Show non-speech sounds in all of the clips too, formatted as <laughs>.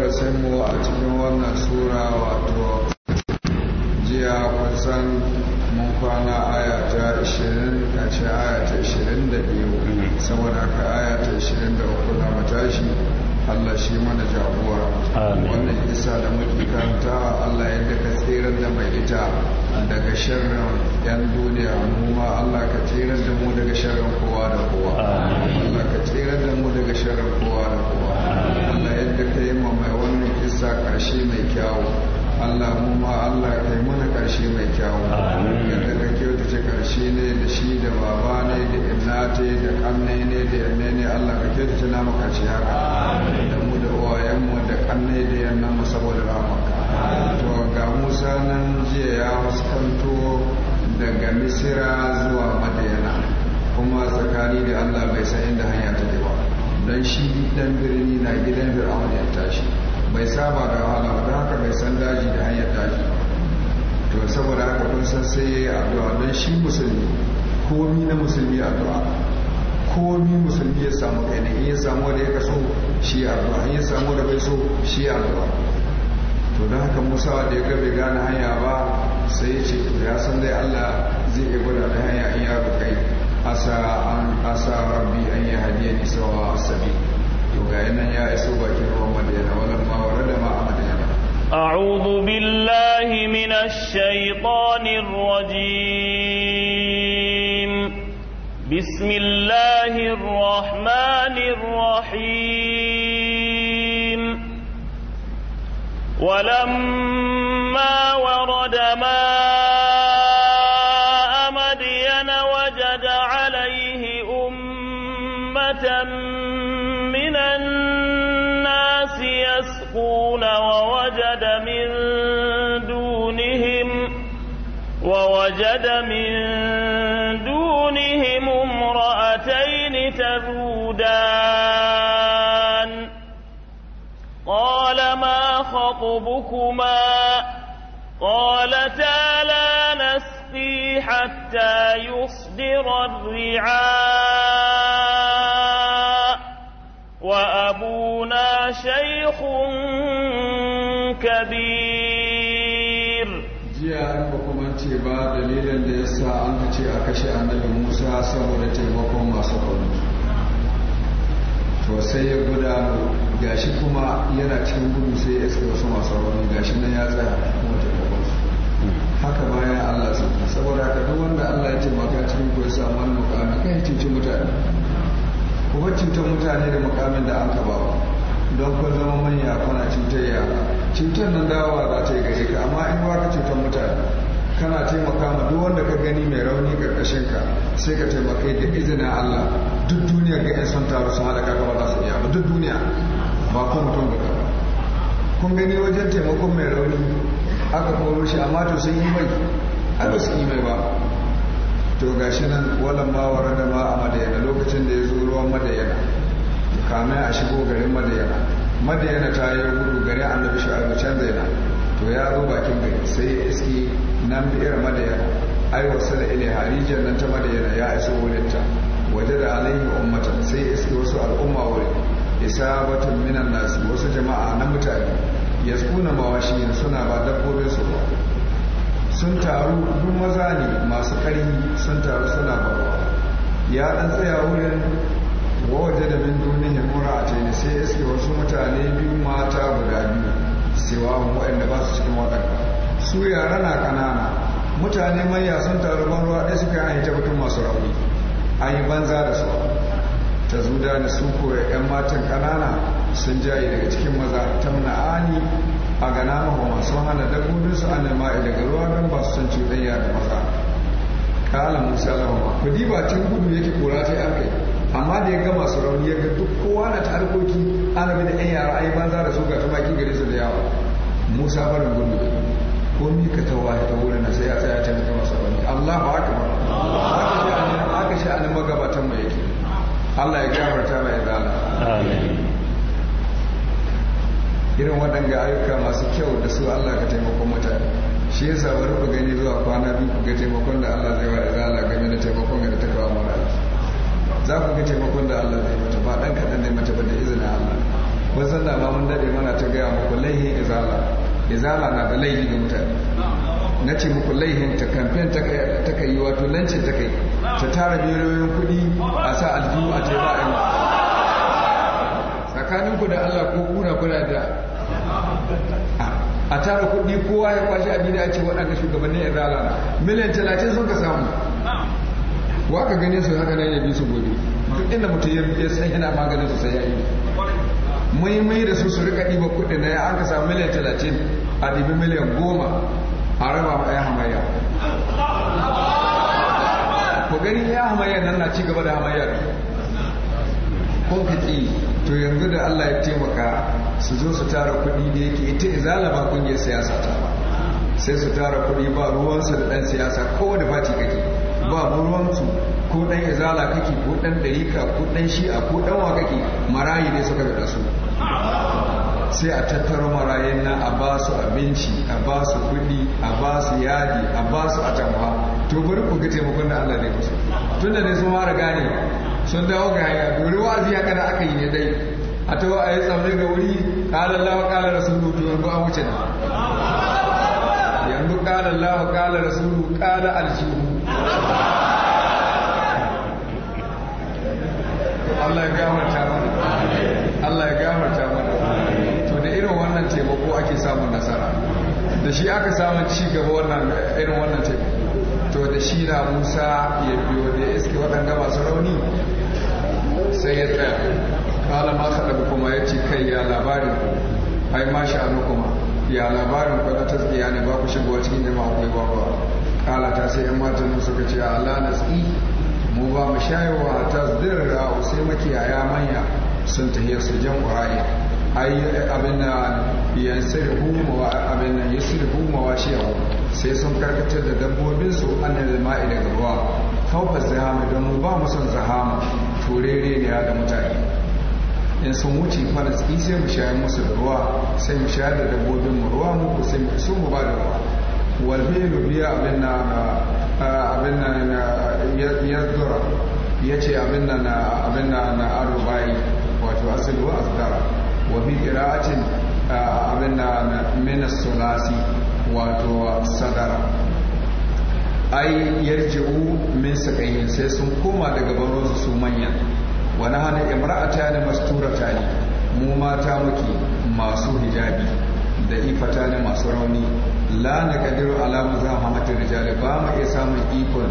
mu a cikin wannan sura wato jiya kusan mun kwana aya ta 20 ce aya ta 22 saboda aka aya ta 23 na matashi Allah shi mana jagora wannan isa da muke karanta Allah yadda ka tsirar da mai ita daga sharrin yan duniya mu ma Allah ka tsirar da mu daga sharrin kowa da kowa Allah ka tsirar da mu daga sharrin kowa da kowa kai ma mai wannan kisa karshe mai kyawu Allah mu ma Allah kai mana karshe mai kyawu yadda ka ce karshe ne da shi da baba ne da inna da kanne ne da yanne ne Allah ka kyauta ce namu karshe haka da mu da wayanmu da kanne da yanne mu saboda rahmanka to ga Musa nan jiya ya fuskanto daga Misira zuwa Madina kuma tsakani da Allah bai san inda hanya ta don shi dan birni na gidan fir'aun ya tashi bai saba da wahala don haka bai san daji da hanyar daji to saboda haka kun san sai ya yi addu'a don shi musulmi komi na musulmi addu'a komi musulmi ya samu kai in ya samu da ya kaso shi addu'a in ya samu da bai so shi addu'a to don haka musa da ya gabe gane hanya ba sai ya ce ya san dai allah zai iya gwada da hanya in ya kai asa an asa rabbi an ya hadiyani sawa asabi to ga nan ya iso bakin ruwan madina walan ma warada ma a madina أعوذ بالله من الشيطان الرجيم بسم الله الرحمن الرحيم ولما ورد ما غير الرعاء وأبونا شيخ كبير jiya ba kuma ce dalilin da ya sa an ce a kashe annabi musa saboda taimakon masu kwanu to sai ya guda gashi kuma yana cikin gudu sai ya iska wasu masu kwanu gashi na ya tsaya kuma taimakon su haka bayan allah sun saboda ka duk wanda allah ya ce maka samu wani mukami kan cincin mutane ko cincin mutane da mukamin da an ka ba don kun zama manya kuna cutar yara cutar nan dawa za ta yi gare ka amma in ba ka cutar mutane kana taimaka ma duk wanda ka gani mai rauni karkashin ka sai ka taimaka da izinin Allah duk duniya ga yan son taro sun halaka ka ba za su iya ba duk duniya ba ko mutum ba kun gani wajen taimakon mai rauni aka koro shi amma to sun yi mai ai ba su yi mai ba to ga shi nan walan ma da ma a madayana lokacin da ya zo ruwan madayana kamai a shigo garin madayana madayana ta yi gudu gari garin annabi shu'aibu canza yana, to ya zo bakin gari sai ya iski nan biyar madayana ai wasu da ile harijiyar nan ta madayana ya iso ta, waje da alayhi ummatan sai ya iski wasu al'umma wurin batun minan nasu wasu jama'a na mutane shi mawashin suna ba dabbobin su ba sun taru duk maza ne masu ƙarfi sun taru suna babu. ya ɗan tsaya wurin waje da min duni ya mura a ne sai iske wasu mutane biyu mata guda biyu sewa waɗanda ba su cikin waɗanda su yara na ƙanana mutane manya sun taru ban ruwa ɗaya suka yi ta mutum masu rauni an yi banza da su ta zuda da su ko 'yan matan ƙanana sun jaye daga cikin maza ta ani a gana mahoma sun hana dabbobinsu an da ma'i daga ruwa don ba su son cuɗanya da maza kala musa lahoma ku diba can gudu yake kura ta yan kai amma da ya ga masu rauni ya ga duk kowa na tarkoki ana bi da yan yara ai banza da su ga tumaki gare su da yawa musa barin gudu ko mi ka tawa ta wurin sai ya tsaya ta ga masu rauni allah ba haka ba haka shi an magabatan mai yake Allah ya gafarta mai zala. Amin. irin waɗanda ayyuka masu kyau da su Allah ka taimakon mutane shi ya bari ku gani zuwa kwana biyu ku ga taimakon da Allah zai wa izala game da taimakon da ta kawo mara za ku ga taimakon da Allah zai mata ba dan kaɗan ne mata ba da izinin Allah ba san da mun dade mana ta gaya muku laihin izala izala na da laihi ga mutane na ce muku laihin ta kamfen ta kai wato lancin ta kai ta tara miliyoyin kuɗi a sa aljihu a taimakon ku da Allah ko kuna kuna da a tara kuɗi kowa ya kwashe abin da ya ce waɗanda shugabanni ya na miliyan talatin sun ka samu wa ka gane su haka nan ya bi su gobe duk inda mutum ya san yana maganin su sai ya yi muhimmai da su su rika ɗiba kuɗi na ya an ka samu miliyan talatin a ɗibi miliyan goma a raba ma ya hamayya ku gani ya hamayya nan na ci gaba da hamayya Ko to yanzu da Allah ya taimaka su zo su tara kuɗi da yake ita izala ba kungiyar siyasa ta ba sai su tara kuɗi ba ruwansu da ɗan siyasa kowane fati kake ba ruwansu ko ɗan izala kake ko ɗan ɗarika ko ɗan shi'a ko ɗan wa kake marayi ne suka da su sai a tattaro marayen na a ba su abinci a ba su kuɗi a ba su yadi a ba su atamfa to bari ku ga taimakon da Allah ne tun tunda ne su mara gane sun dawo ga haya dori wa'azi ya kada aka yi ne dai a tawa a yi tsalle ga wuri kala Allah wa kala rasulu to yanzu an wuce na yanzu kala Allah wa kala rasulu kala aljihu Allah ya gafarta mana Allah ya gafarta mana to da irin wannan taimako ake samun nasara da shi aka samu ci gaba wannan irin wannan taimako to da shi na Musa ya biyo da iske waɗanda masu rauni sai ya tsaya kala ma saɗa kuma ya ce kai ya labarin ku ai ma anu kuma ya labarin ku na tasbiya ne ba ku shigowa cikin jama'a ku ba ba kala ta sai yan matan nan suka ce ala nasi mu ba mu shayarwa ta zirra sai makiyaya manya sun tahiyar su jan ƙwararriya ai abin da yansirhu wa abin nan yusirhu mawashiyahu sai sun karkatar da dabbobinsu annan da ma'i daga ruwa kawfa zahama don mu ba mu son zahama turere ne da mutane in sun wuce falasɗi sai mu shayar musu da ruwa sai mu shayar da dabbobin mu ruwa mu sai mu mu ba da ruwa walbilu biya abin na abin na yazdura ya ce abin na abin na na arubai wato asali wa asdara wa bi qira'atin abin na minas sulasi wato sadara ai yarji'u min sakayin sai sun koma daga baronsu su manyan wani hana imra'ata ne masturata ne mu mata muke masu hijabi da ifata ne masu rauni la na kadiru ala mu hamatin rijali ba mu iya samun ikon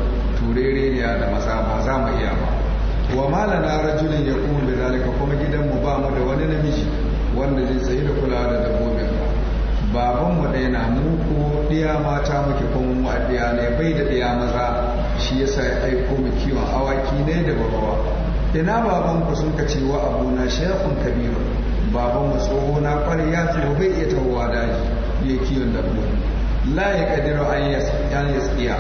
ne da maza ba za mu iya ba wa malana rajulin ya kuma bi zalika kuma gidan mu ba mu da wani namiji wanda zai sayi da kula da dabbobin babanmu ɗaya na ko ɗiya mata muke kuma mu ɗiya ne bai da ɗiya maza shi yasa ya aiko mu kiwon awaki ne da babawa ina ku sun ka cewa abuna shekun kabiru babanmu tsoho na kwari ya tsoho bai iya tahowa daji ya kiwon dabbobi la ya kadiru an tsiya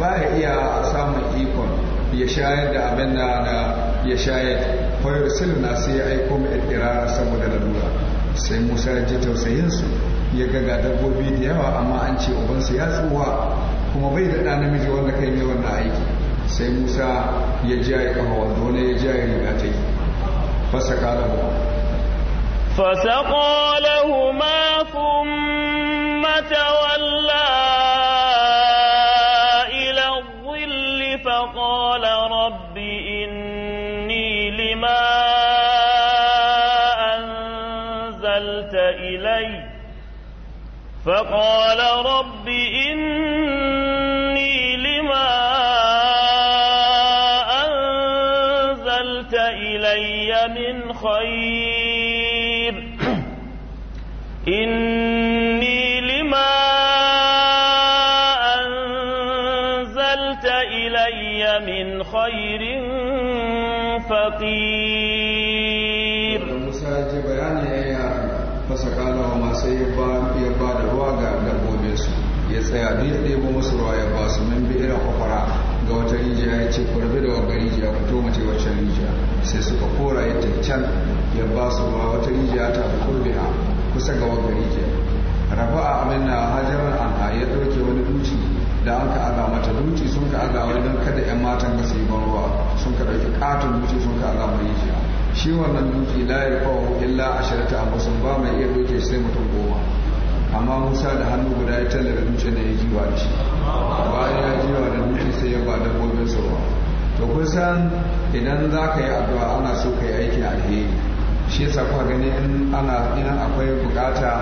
ba ya iya samun ikon ya shayar da abin da ya shayar fayar silna sai ya aiko mu ɗirara saboda lalura sai musa ya ji tausayinsu ya ga dabbobi da yawa amma an ce ubansu ya tsuwa kuma bai da ɗan namiji wanda kai ne wannan aiki sai musa ya ji ya kafa wando ne ya ji ya riga ta yi fasaka lahu fasaka lahuma thumma فقال رب إني لما أنزلت إلي من خير إني لما أنزلت إلي من خير فقير فسقى لهما سيبان tsaya da ya ɗebo masu ruwa ya ba su min bi irin kwakwara ga wata rijiya ya ce ku da wata rijiya ku to mace wacce rijiya sai suka kora ya ta can ya ba su ruwa wata rijiya ta a kusa ga wata rijiya rafa a na hajjarar anha ya ɗauke wani duci da an ka aga mata duci sun ka aga wani don kada yan matan ba su yi ban ruwa sun ka ɗauki ƙaton duci sun ka aga mai rijiya shi wannan duci la kawo illa ashirata abu sun ba mai iya ɗauke sai mutum goma amma musa da hannu guda ya da dutse da ya jiwa wa shi bayan ya jiwa da dutse sai ya ba dabbobin sauwa to kusan idan za ka yi addu'a ana so ka yi aikin alheri shi yasa gani in akwai bukata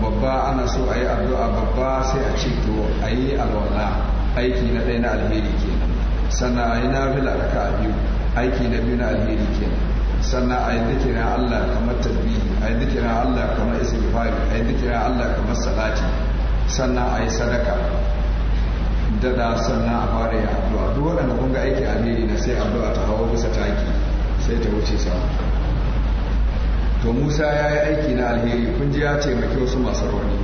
babba ana so a yi addu'a babba sai a ce to a yi alwala aiki na ɗaya na alheri kenan sannan a yi na a biyu aiki na biyu na alheri kenan sannan a yi na Allah kamar tarbi a Allah kamar istighfari a Allah kamar salati sannan a yi sadaka dada sannan a fara yi addu'a duk waɗanda kun ga aiki alheri na sai addu'a ta hawa bisa taki sai ta wuce sama to Musa ya yi aiki na alheri kun ji ya taimake wasu masu rauni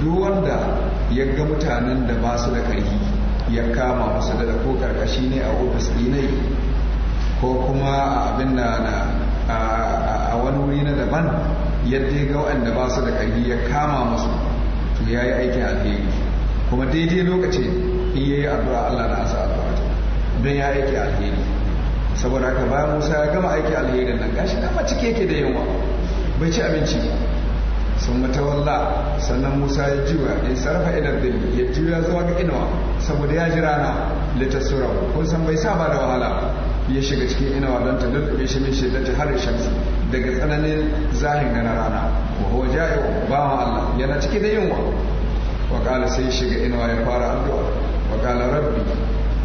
duk wanda ya ga mutanen da ba su da ƙarfi ya kama musu da ko karkashi ne a ofis ɗinai ko kuma abin da na wani wuri na daban yadda ga waɗanda ba su da ƙarfi ya kama musu to ya yi aikin alheri kuma daidai lokaci in ya yi addu'a Allah na asa addu'a don ya aiki alheri saboda haka bayan Musa ya gama aiki alherin nan gashi dama cike yake da yawa bai ci abinci sun matawalla sannan Musa ya jiwa ya sarrafa idan dalli ya juya zuwa ga inuwa saboda ya ji rana litasura kun san bai saba da wahala ya shiga cikin inuwa don ta lullube shi min ta har shamsi daga tsananin zahin gana rana wa huwa ja'iu ba ma Allah yana cike da yunwa wa qala sai shiga inuwa ya fara addu'a wa qala rabbi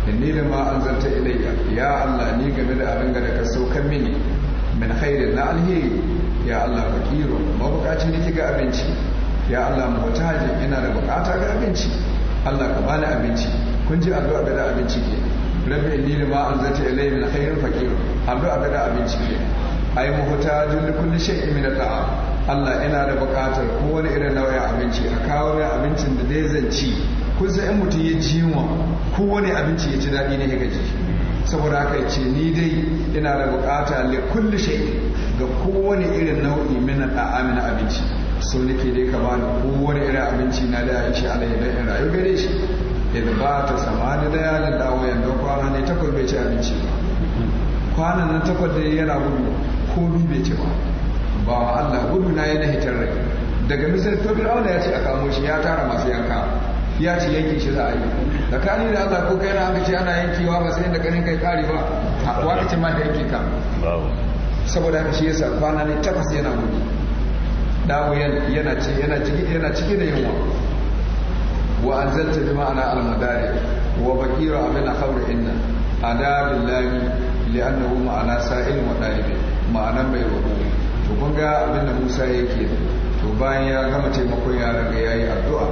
inni lima anzalta ilayya ya Allah ni game da abin da ka saukar mini min khairin na alheri ya Allah fakiru mabukaci nake ga abinci ya Allah muhtajin ina da bukata ga abinci Allah ka bani abinci kun ji addu'a ga abinci ke rabbi inni lima anzalta ilayya min khairin fakiru addu'a ga abinci ke ai muhtajin li kulli shay'in min ta'a. Allah ina da bukatar wani irin nau'in abinci a kawo mai abincin da dai zan ci kun san in mutum ya ji yunwa wani abinci ya ci daɗi ne ya gaji saboda haka ce ni dai ina da bukata li kulli shay'in ga kowane irin nau'i min at'am na abinci so nake dai ka bani kowane irin abinci na da ya ci alayhi da in rayu gare shi idan ba ta samani da yalin dawo yanda kwana ne takwas bai ci abinci ba kwanan nan takwas da yana gudu komi bai ce ba ba Allah gudu na yana hitar rai daga misir to fir'auna ya ce a kamo shi ya tara masu yanka ya ce yanki shi za a yi tsakani da Allah ko kai na aka ce ana yankewa ba sai da ganin kai kare ba wa kace ma da yanke ka saboda haka shi yasa kwana ne takwas yana gudu dawo yana ce yana ciki yana ciki da yunwa wa anzalta bi ma'ana al-madari wa baqira abin khamr inna ada billahi li'annahu ma'ana sa'il wa ɗalibin. ma'anar mai roƙo to kun ga abin da musa yake to bayan ya gama taimakon ya daga ya yi addu'a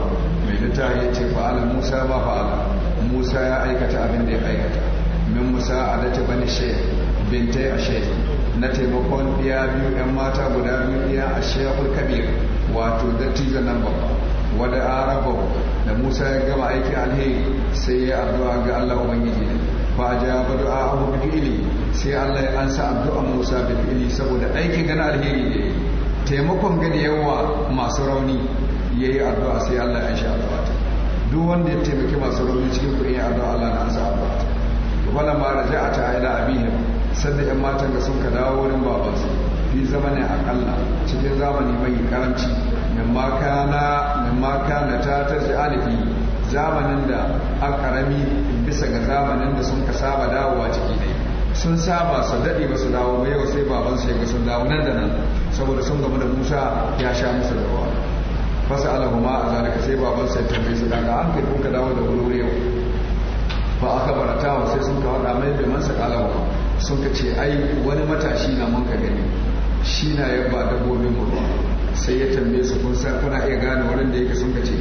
mai lita ya ce fa'ala musa ba fa'ala musa ya aikata abin da ya aikata min musa a alata bani shai binta a shai na taimakon iya biyu ‘yan mata guda biyu iya a shekul kabir wato tiza nan babba wadda arabu da musa ya gama aiki alheri sai ya addu'a ga allah ubangiji ne fa ajaba du'a'ahu bi fi'li sai Allah ya ansa addu'a Musa bi fi'li saboda aikin gana alheri ne taimakon gani yawa masu rauni yayi addu'a sai Allah ya ansha addu'a duk wanda ya taimaki masu rauni cikin kuɗin ya addu'a Allah na ansa addu'a wala ma raja'ata ila abihim sanda yan matan da sun ka dawo wurin babansu fi zamanin akalla cikin zamani mai karanci mimma kana mimma kana ta tarji alifi zamanin da a karami bisa ga zamanin da sun ka saba dawowa ciki ne sun saba su daɗe ba su dawo ba yau sai baban su ya ga sun dawo nan da nan saboda sun gama da musa ya sha musu da ruwa fasa alahuma a zalika sai baban su ya tambaye su daga an kai kun ka dawo da wuri yau ba aka barata sai sun ka faɗa mai man mansa kalahuma sun ka ce ai wani matashi na mun ka gani shi na yabba dabbobin mu sai ya tambaye su kun san kuna iya gane wurin da yake sun ka ce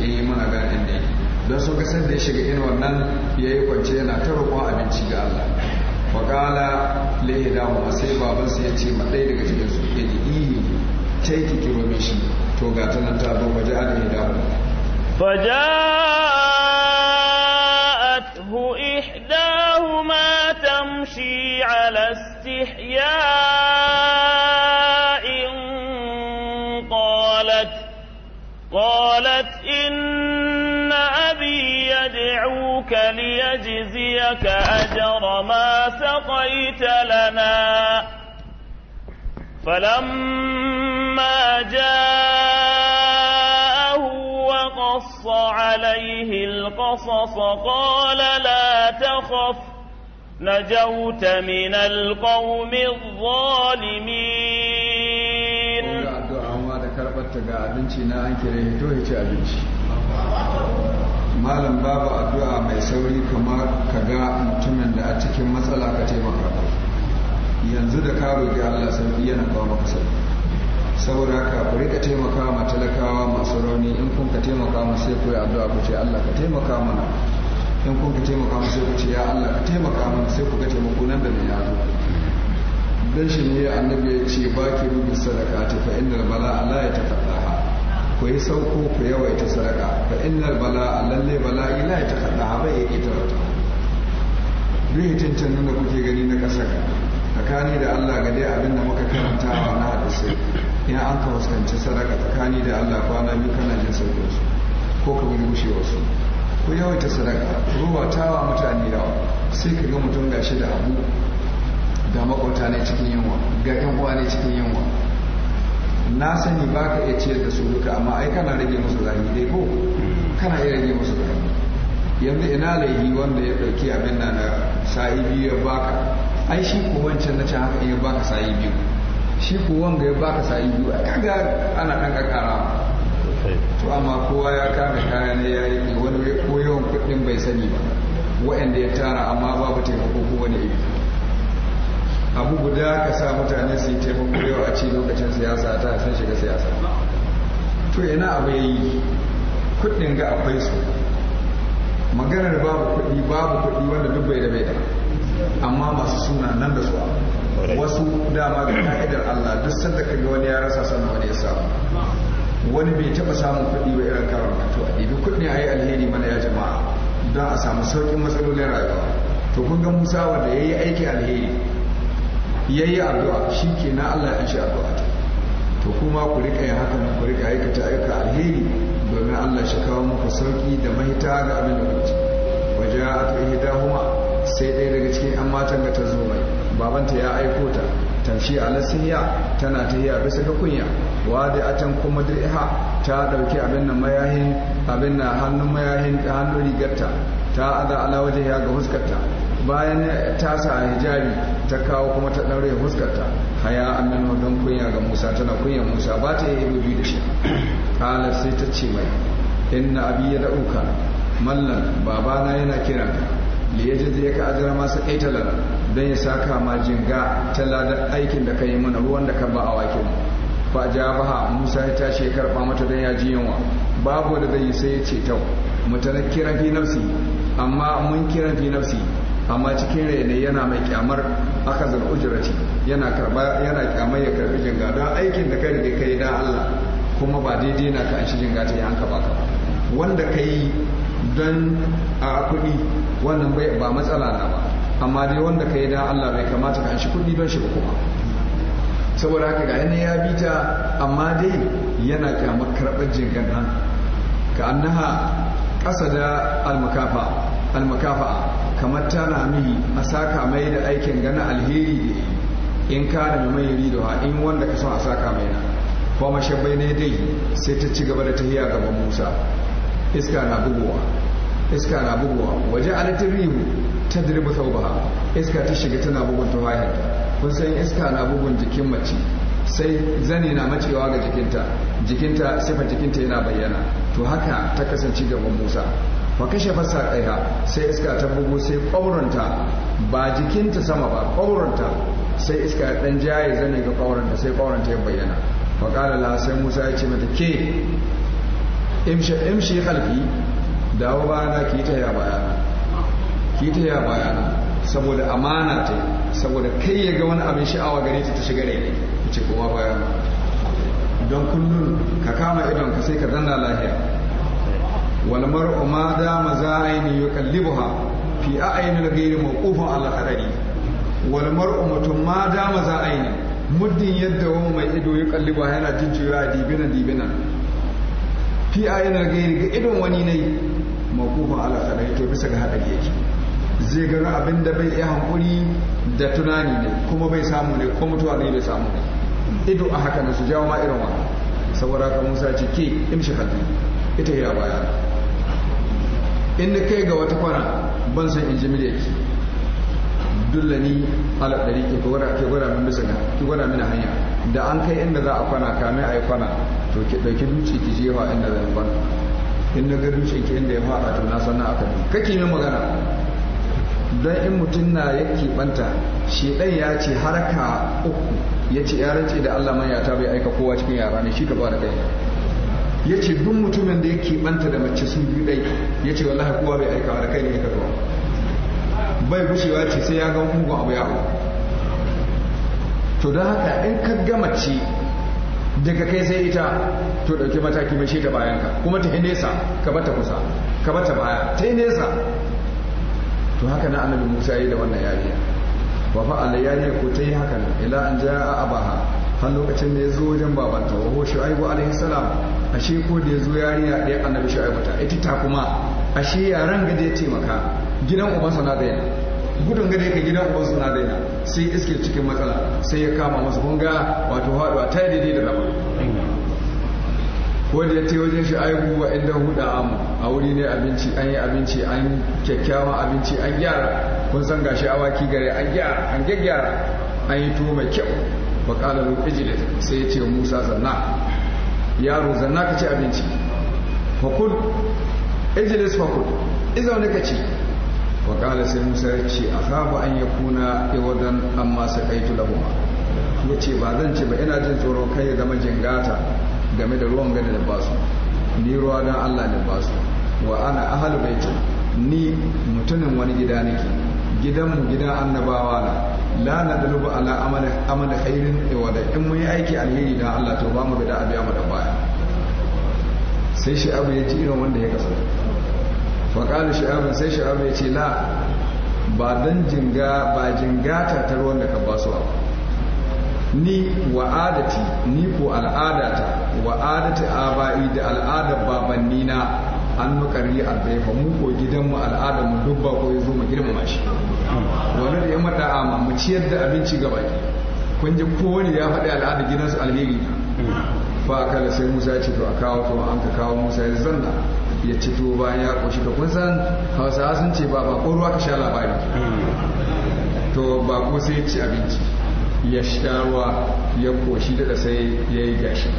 don sun kasar da ya shiga inuwar wannan ya yi kwance yana ta roƙon abinci ga Allah wa ƙala laihe damu sai babansa ya ce ɗaya daga cikin su ya ji ta yi kiki romin shi to ga ta nan ta zo waje a laihe damu فجاءته إحداهما تمشي على لك أجر ما سقيت لنا فلما جاءه وقص عليه القصص قال لا تخف نجوت من القوم الظالمين ما لم na أدوى ka ga mutumin da a cikin matsala ka taimaka yanzu da ka roƙi Allah sauki yana kawo maka sauki saboda ka bari ka taimaka ma talakawa masu rauni in kun ka taimaka mu sai ku yi addu'a ku ce Allah ka taimaka mana in kun ka taimaka mu sai ku ce ya Allah ka taimaka mana sai ku ga taimako nan da ya zo dan shi ne annabi ya ce baki rubin sadaka ta fa innal bala'a la yatafadda'u ku sauko ku yawaita sadaka da innal bala a lalle bala ila ta kada haba ya ita wata duk tantan da kuke gani na kasar tsakani da Allah ga dai abin da muka karanta wa na hadisi ya an ka fuskanci sadaka tsakani da Allah kwana biyu kana jin sauƙin ko ka wuri wasu ku yawaita sadaka ruwa tawa mutane yawa sai ka ga mutum gashi da abu da makwata ne cikin yunwa ga yan uwa ne cikin yunwa na sani ba ka iya ciyar da su duka amma ai kana rage musu zahi dai ko kana iya rage musu zahi yanzu ina laihi wanda ya ɗauki abin na sa'i biyu ya baka ai shi ko wancan na can haka iya baka sa'i biyu shi ko wanga ya baka sa'i biyu a kaga ana ɗan ƙaƙara to amma kowa ya kama kaya ne ya yi wani ko yawan kuɗin bai sani ba waɗanda ya tara amma babu taimako ko wani iri abu guda ka sa mutane su yi taimako yau a cikin lokacin siyasa ta sun shiga siyasa to ina abu ya yi kuɗin ga akwai su maganar babu kuɗi babu kuɗi wanda duk bai da da amma masu suna nan da su wasu dama ga ka'idar Allah duk sanda ka ga wani ya rasa sannan wani ya samu wani bai taɓa samun kuɗi ba irin karon to a ɗibi kuɗi a yi alheri mana ya jama'a don a samu sauƙin matsalolin rayuwa to kun ga Musa wanda ya yi aiki alheri yayi addu'a shikenan Allah ya shi addu'a ta to kuma ku rika yin hakan ku rika aikata aika alheri domin Allah shi kawo muku sauki da mahita ga abin da kuke waje a hida huma sai ɗaya daga cikin an matan ga ta zo mai babanta ya aiko ta tamshi a tana ta yi a bisa ga kunya wada atan kuma dirha ta dauki abin nan mayahin abin nan hannun mayahin hannun rigarta ta ada ala waje ya ga huskarta bayan ta sa hijabi ta kawo kuma ta ɗaure fuskarta haya aminu don kunya ga musa tana kunya musa ba ta yi ido da shi ƙalar sai ta ce mai inna abi ya da'uka mallan babana yana kiran ka liyaji zai ka ajira masu ƙaitalar don ya saka ma jinga ta ladar aikin da ka yi mana ruwan da ka ba a wake mu fa jabaha musa ya tashi ya karba mata don ya ji yunwa babu da zai yi sai ya ce tau mutane kiran fi nafsi amma mun kiran fi nafsi amma cikin rai ne yana mai kyamar aka ujrati yana karba yana kyamar ya karbi jinga don aikin da kai riga kai da Allah kuma ba daidai na ka shi jinga ta hanka baka wanda yi don a kuɗi wannan ba matsala na ba amma dai wanda yi da Allah bai kamata ka shi kuɗi don shi kuma saboda haka ga ne ya bi ta amma dai yana kyamar karɓar jingan nan ka annaha ƙasa da almakafa almakafa kamar tana mihi a saka mai da aikin gana alheri da yi in ka da mai yari da in wanda ka son a saka mai na fa mashabbai ne dai sai ta ci gaba da tahiya gaban Musa iska na bugowa iska na bugowa waje a latin rihu ta dirbu sauba iska ta shiga tana bugun tuhahin kun san iska na bugun jikin mace sai zane na macewa ga jikinta jikinta sifar jikinta yana bayyana to haka ta kasance gaban Musa fa kashe fasa ɗaya sai iska ta bugu sai ƙauranta ba jikinta sama ba ƙauranta sai iska ya ɗan jaye zane ga ƙauranta sai ƙauranta ya bayyana Ba ƙala sai musa ya ce mata ke imshi halki dawo bayana ki ta ya bayana ki ta ya bayana saboda amana ta saboda kai ya ga wani abin sha'awa gare ta ta shiga da ne ta ce kuma bayana don kullum ka kama idon ka sai ka zanna lahiya wal mar'u ma da maza'aini yuqallibuha fi a'ayin al-ghayr mawqufun ala qarari wal mar'u mutum ma da maza'aini muddin yadda wani mai ido ya kalliba yana jujjuya dibina dibina fi a'ayin al-ghayr ga idon wani ne mawqufun ala qarari to bisa ga hadari yake zai gano abin da bai iya hankuri da tunani ne kuma bai samu ne ko mutuwa ne bai samu ne ido a haka ne su jawo ma irin wani saboda ka musa ce ke imshi kalli ita ya baya in kai ga wata kwana ban san in ji murya ki dulla ni ala dari ke gwada ke gwada min bisa ki gwada min hanya da an kai inda za a kwana kame a yi kwana to ki dauki duci ki jewa inda za a kwana in na ga duci ki inda ya fara to na san aka bi kake min magana don in mutum na yake banta shi dan ya ce haraka uku ya ce ya rance da Allah man ya ta bai aika kowa cikin yara ne shi ka ba da kai ya ce duk mutumin da ya banta da mace sun biyu ɗai ya ce wallahi kowa bai aika wa da kai ne ya karuwa bai gushewa ce sai ya ga mugun abu yawo to don haka in ka ga mace daga kai sai ita to ɗauki mataki mai shi ta bayan ka kuma ta nesa ka bata kusa ka bata baya ta nesa to haka na annabi musa yi da wannan yariya wa fa'ala yariya ko ta yi hakan ila an ja'a abaha har lokacin da ya zo wajen babanta wa ho shu'aibu alaihi salam ashe ko da ya zo yariya ɗaya annabi shu'aibu ta ita ta kuma ashe yaran ga ya taimaka gidan suna na yana gudun gare ka gidan suna na yana sai iske cikin matsala sai ya kama masu gunga wato haɗuwa ta yi daidai da rabu wanda ya ce wajen shu'aibu wa inda huda amu a wuri ne abinci an yi abinci an kyakkyawa abinci an gyara kun san gashi awaki gare an gyara an gyaggyara an yi tuwo mai kyau wa qala sai ya ce Musa zanna yaro zanna ka ci abinci fakul ijlis fakul izaune ka ci bakala sai Musa ya ce a akhafu an yakuna iwadan amma tula lahu ya ce ba zan ce ba ina jin tsoro kai ya zama jingata game da ruwan gani da basu ni ruwa don Allah da basu wa ana ahalu baiti ni mutumin wani gida nake gidanmu gidan annabawa na la na dalubu ala amal khairin da in mun yi aiki alheri dan Allah to ba mu da ya mu da baya sai shi abu ya ci irin wanda ya kasa fa qala shi abu sai shi abu ya ce la ba dan jinga ba jinga ta tar wanda ka ba su ni wa'adati ni ko al'adata wa'adati abai da al'adar babannina an makarri a fa mu ko gidanmu al'adar mu duk ba ko mu girmama shi wani da ya mata a mamaci yadda abinci ga baki kun ji kowane ya faɗi al'ada su alheri ba kala sai musa ya ce to a kawo to an ka kawo musa ya zanna ya ci to bayan ya ƙoshi ka kun san hausawa sun ce ba ba ko ruwa ka sha labari to ba ko sai ci abinci ya sha ruwa ya ƙoshi da sai ya yi gashi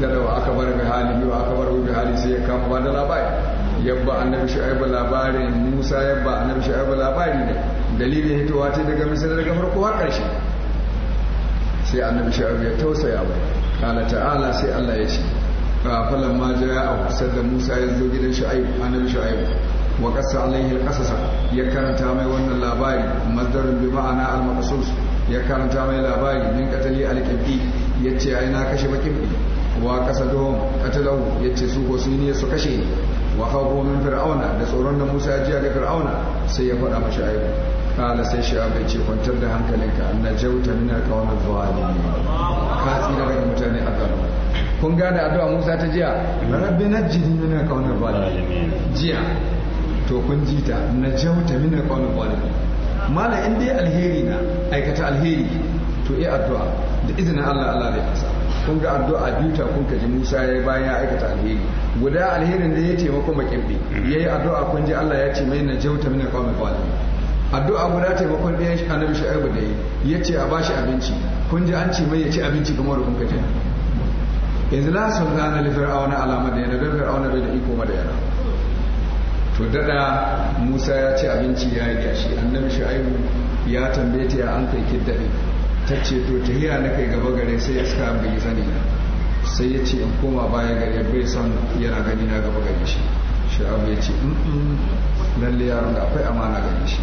da aka bar bi hali biyu aka bar bi hali sai ya kama ba da labari yabba annabi shu'aibu labarin musa yabba annabi shu'aibu labarin ne dalilin hitowa ce daga misali daga farko har ƙarshe sai annabi shu'aibu ya tausaya mai kala ta'ala sai allah ya ce falan ma jira a kusan da musa ya zo gidan shu'aibu annabi shu'aibu wa qassa alaihi alqasasa ya karanta mai wannan labari mazdarun bi ma'ana al ya karanta mai labari min qatali al-qibti yace ai na kashe baqibti wa kasadum ya ce su ko sun ne su kashe wa khawfu min fir'auna da tsoron da Musa ya ji ga fir'auna sai ya faɗa mashi ayyuka kala sai shi abai ce kwantar da hankalinka annajauta min alqawmi zalimin ka tsira daga mutane a azabu kun gane addu'a Musa ta jiya rabbi najjini min alqawmi zalimin jiya to kun ji ta najauta min alqawmi zalimin mala in dai alheri na aikata alheri to iya addu'a da izinin Allah Allah zai kasa. kun ga addu'a biyu ta kun ji Musa ya yi bayan ya aikata alheri guda alherin da ya taimako makimbi ya yi addu'a kun ji Allah ya ce mai na jauta min alqawmi zalim addu'a guda taimakon ɗayan shi annabi shu'aibu da yi ya ce a bashi abinci kun ji an ce mai ya ci abinci kamar da kun ka ji yanzu na sun gane li fir'auna alama da yana bai fir'auna bai da iko yana to dada Musa ya ci abinci ya yi gashi annabi shu'aibu ya tambaye ta ya an kai kiddaɗe ta ce to hira na kai gaba gare sai iska bai zani na sai ya ce in koma baya gare bai san yana gani na gaba gare shi abu ya ce lalle yaron da akwai amana gare shi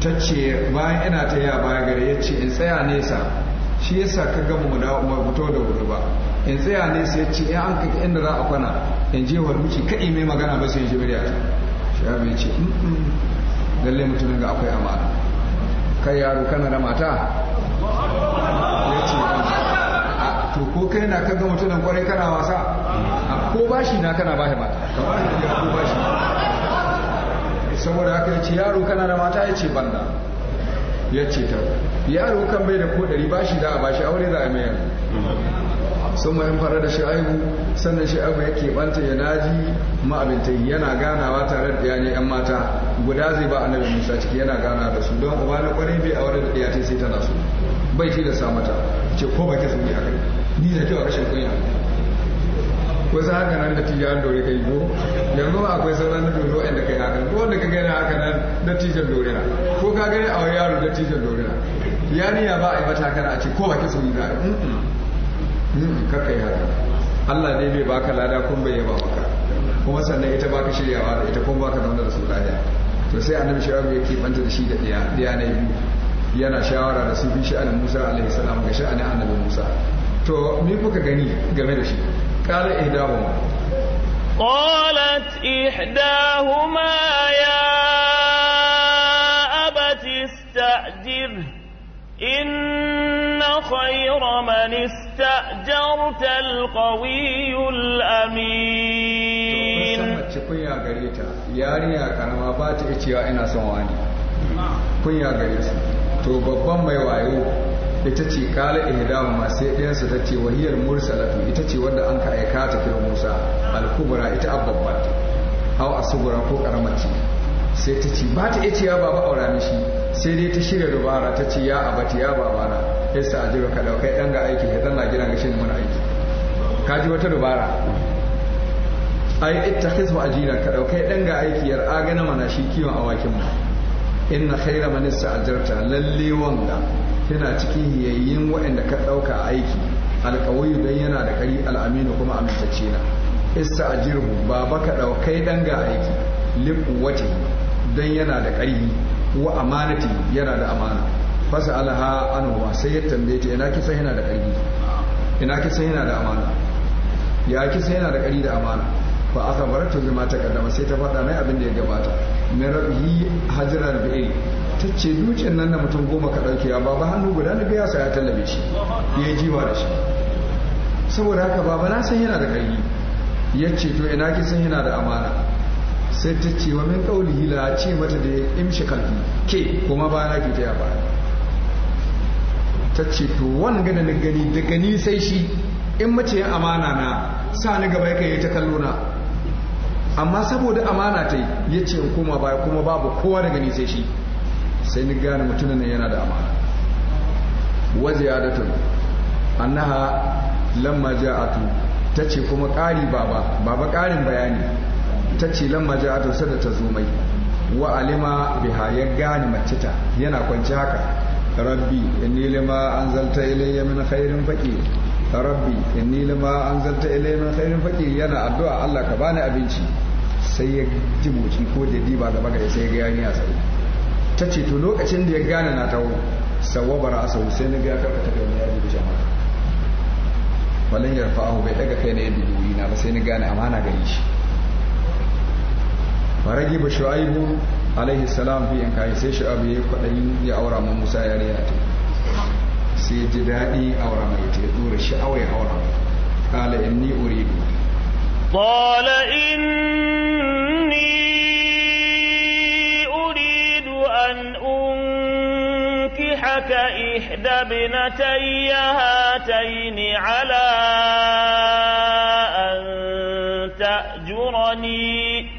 ta ce bayan ina ta yi a baya gare ya ce in tsaya nesa shi yasa ka gama mu dawo umar fito da wuri ba in tsaya nesa ya ce ya an kaki inda za a kwana in je wa miki kaɗi mai magana ba sai in ji ta sha'abu ya ce lalle mutumin ga akwai amana kai yaro kana da mata to ko kai na kaga mutumin kwarai kana wasa ko bashi na kana bashi mata kamar da ko bashi saboda haka yace yaro kana da mata yace banda yace ta yaro kan bai da ko dari bashi da bashi aure za a mai sun mahin fara da shi'aibu sannan shi'aibu ya keɓanta ya naji ma'abintai yana ganawa tare da yanyan yan mata guda zai ba annabi musa ciki yana gana da su don uba na kwarai bai aure da ɗaya sai tana so bai da mata ce ko ba ki sun yi akai ni da kyau kashe kunya wasu haka nan da tijan dore kai go yanzu ba akwai sauran na dole wa'anda kai haka ko wanda ka gani haka nan da tijan dore na ko ka gani a wani yaro da tijan dore na ya ba a yi mata kana a ce ko ba ki sun da ka yi haka Allah ne bai baka lada kun bai yaba ka kuma sannan ita baka shiryawa da ita kuma baka zama da su lafiya to sai annabi shawarar ya banta da shi da ɗaya ɗaya na biyu yana shawara da su bi sha'anin musa alaihi salam ga sha'anin annabi musa to me kuka gani game da shi kala ihdahuma qalat ihdahuma ya abati istajir inna khayra man istajarta alqawiyul amin to mace kunya gare ta yarinya karama ba ta cewa ina son wani ah. kunya gare su to babban mai wayo ita ce kala ihdahu ma sai ɗayan su ce wahiyar mursalatu ita ce wanda an ka aika ta kira Musa al-kubra ita abbabbar hau asugura ko karamaci sai ta ce ba ta iya ce ya baba aura mishi sai dai ta shirya dubara ta ce ya abati ya baba na yasa a jira kada kai ɗan ga aiki ka zanna gidan ga mun aiki ka ji wata dubara ai a ajira ka daukai ɗan ga aiki yar agana mana shi kiwon awakin mu inna khayra a sa'ajarta lalle wanga yana cikin hiyayyin waɗanda ka ɗauka aiki alƙawayu don yana da ƙari al'aminu kuma amintacce na isa a jirgu ba baka ɗaukai ɗan ga aiki wace don yana da ƙari wa amanati yana da amana fasa alaha anuwa sai ya tambaye ta ina kisa yana da ƙari ina kisa yana da amana ya kisa yana da ƙari da amana ba aka bar ta zama ta kaddama sai ta faɗa mai abin da ya gabata min rabbi hajran bi'i ta ce dutsen nan da mutum goma ka ɗauke ya baba hannu guda na biya sa ya tallabe shi ya yi jiwa da shi saboda haka baba na san yana da ƙarfi ya ce to ina ki san yana da amana sai ta ce wa min kauli hila ce mata da imshi kalbi ke kuma ba na ki ta ya ta ce to wani gana na gani da gani sai shi in mace yin amana na sa ni gaba ya kai ta kallo na amma saboda amana ta yi ya ce koma baya kuma babu kowa daga ni sai shi sai ni gane mutumin nan yana da amana wa ziyadatun annaha lamma ja'atu tace kuma ƙari baba baba ƙarin bayani tace lamma ja'atu sada ta zo mai wa alima biha ya gane mace ta yana kwanci haka rabbi inni lima anzalta ilayya min khairin faqi rabbi inni lima anzalta ilayya min khairin faqi yana addu'a Allah ka bani abinci sai ya ji boci ko da diba da ga sai ga yani a tsaye ta ce to lokacin da ya gane na taho bara a sau sai na biya karkata kai na yaji bisa mata walin yarfa ahu bai daga kai na yadda yi na ba sai na gane amana gari shi farage ba shu'aibu alaihi salam bi in kai sai shu'aibu ya yi kwaɗayi ya aura ma Musa yariya ta sai ji daɗi aura mai ta ya tura shi awai aura qala inni uridu qala in لك إحدى ابنتي هاتين على أن تأجرني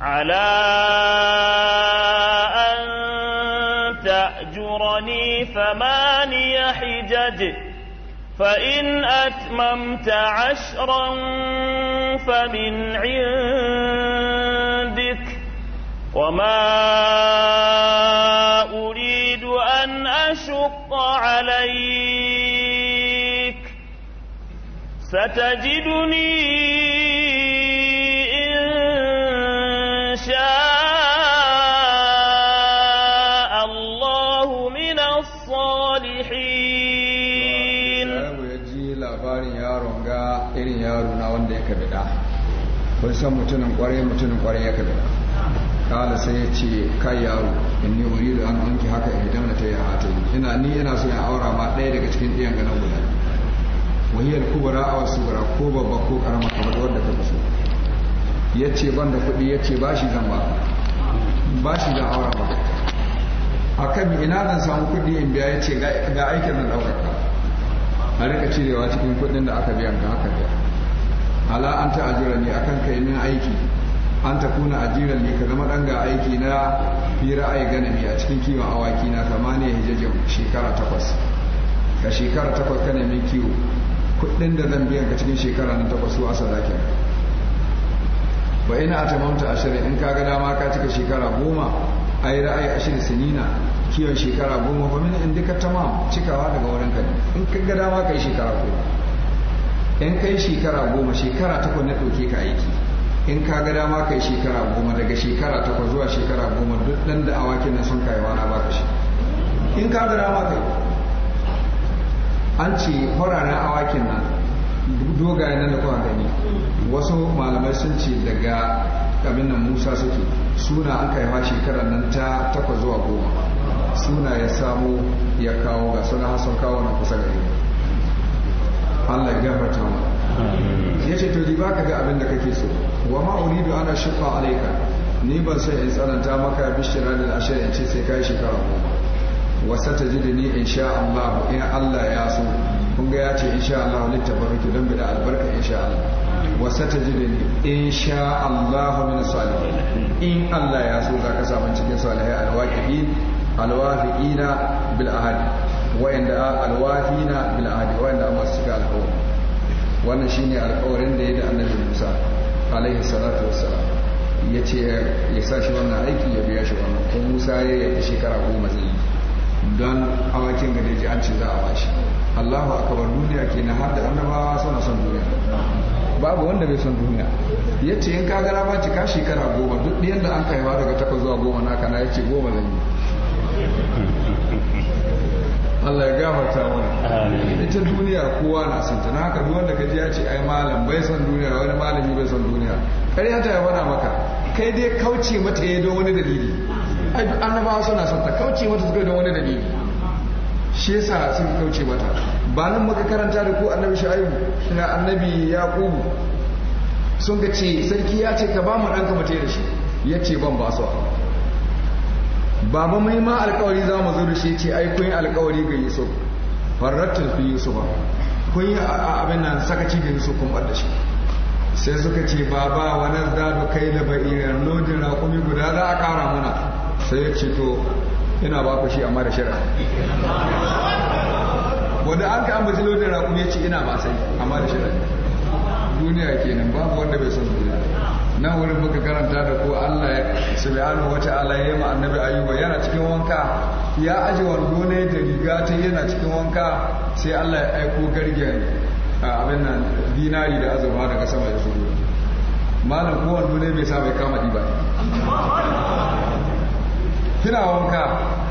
على أن تأجرني ثماني حجج فإن أتممت عشرا فمن عندك وما أشق عليك ستجدني kun san mutumin kwarai mutumin kwarai ya kabila kala sai ya ce kai yaro in ni wuri da an ɗanki haka idan na ta yi a hatayi ina ni yana so ya aura ma ɗaya daga cikin ɗiyan nan guda wahiyar kubara a wasu gara ko babba ko karama kamar wadda ka so ya ce ban da kuɗi ya ce ba shi zan ba ba shi zan aura ba a kan ina zan samu kuɗi in biya ya ce ga aikin nan ɗaukaka a rika cirewa cikin kuɗin da aka biyan ka haka biya ala an ta ajira ne akan kai min aiki an ta kuna ajiran ne ka zama ɗan ga aiki na fi ra'ayi ganami a cikin kiwon awaki na zamaniya hijajin shekara takwas ka shekara takwas ka nemi kiwo kudin da zan biyan ka cikin shekara na takwas su asa zaki ba ina atamamta ashirin in ka ga dama ka cika shekara goma a yi ra'ayi ashirin sinina kiwon shekara goma ba mini in duka tamam cikawa daga wurin ka in ka gada ma ka yi shekara goma in ka yi shekara goma shekara takwas na ɗauke ka aiki in ka ga dama kai shekara goma daga shekara takwas zuwa shekara goma duk dan da awakin na sun wa na ka shi in ka ga dama kai an ce horanan awakin nan dogayen nan da kuma gani wasu malamai sun ce daga abin nan musa suke suna an wa shekarar nan ta takwas zuwa goma suna ya samu ya kawo ga suna hasan kawo na kusa gari Allah ya gafarta mana ya ce to riba ka ga abin da kake so wa ma uridu ana shukka alaika ni ban sai in tsananta maka bishira da ashir in ce sai kai shekara goma wasa ta ji da ni in sha Allah in Allah ya so kun ga ya ce in sha Allah litta barki don bida albarka in sha Allah wasa ta ji da ni in sha Allah min salihin in Allah ya so za ka samu cikin salihai alwaqi alwafiina bil ahadi alwafi na bil wa inda amma suka alƙawari wannan shine alƙawarin da ya da annabi Musa alaihi salatu wassalam ya ce ya sa shi wannan aiki ya biya shi wannan ko Musa ya yi shekara goma zai yi don awakin ga ji an ce za a bashi Allahu akbar duniya ke na har da annabawa suna son duniya babu wanda bai son duniya ya ce in ka gara baci ka shekara goma duk ɗiyan da an kaiwa daga takwas zuwa goma naka na ya ce goma zan yi Allah ya gafarta mana ita duniya kowa na son ta na haka duk wanda ka ji ya ce ai malam bai san duniya wani malami bai san duniya ƙarya ta ya yawana maka kai dai kauce mata ya don wani dalili ai annabawa suna son ta kauce mata suka don wani dalili shi yasa sun kauce mata ba nan muka karanta da ku annabi shu'aibu da annabi yaqubu sun ga ce sarki ya ce ka ba mu ɗanka mace da shi yace ban ba su baba mai ma alkawari za mu zuru shi ce ai kun yi alkawari ga yusuf farratun fi yusufa kun yi abin nan sakaci da yusuf kun bada shi sai suka ce baba wani zadu kai da ba'irar lodin raƙumi guda za a ƙara mana sai ya ce to ina ba ku shi amma da shari'a wanda an ka ambaci lodin raƙumi ya ce ina ba sai amma da shari'a duniya kenan babu wanda bai son duniya nan wurin muka karanta da ko Allah ya subhanahu wa ta'ala ya yi annabi ayyuba yana cikin wanka ya aje wando ne da riga ta yana cikin wanka sai Allah ya aiko gargen abin nan dinari da azurfa daga sama ya zuru malam ko wando ne bai sa bai kama diba kina wanka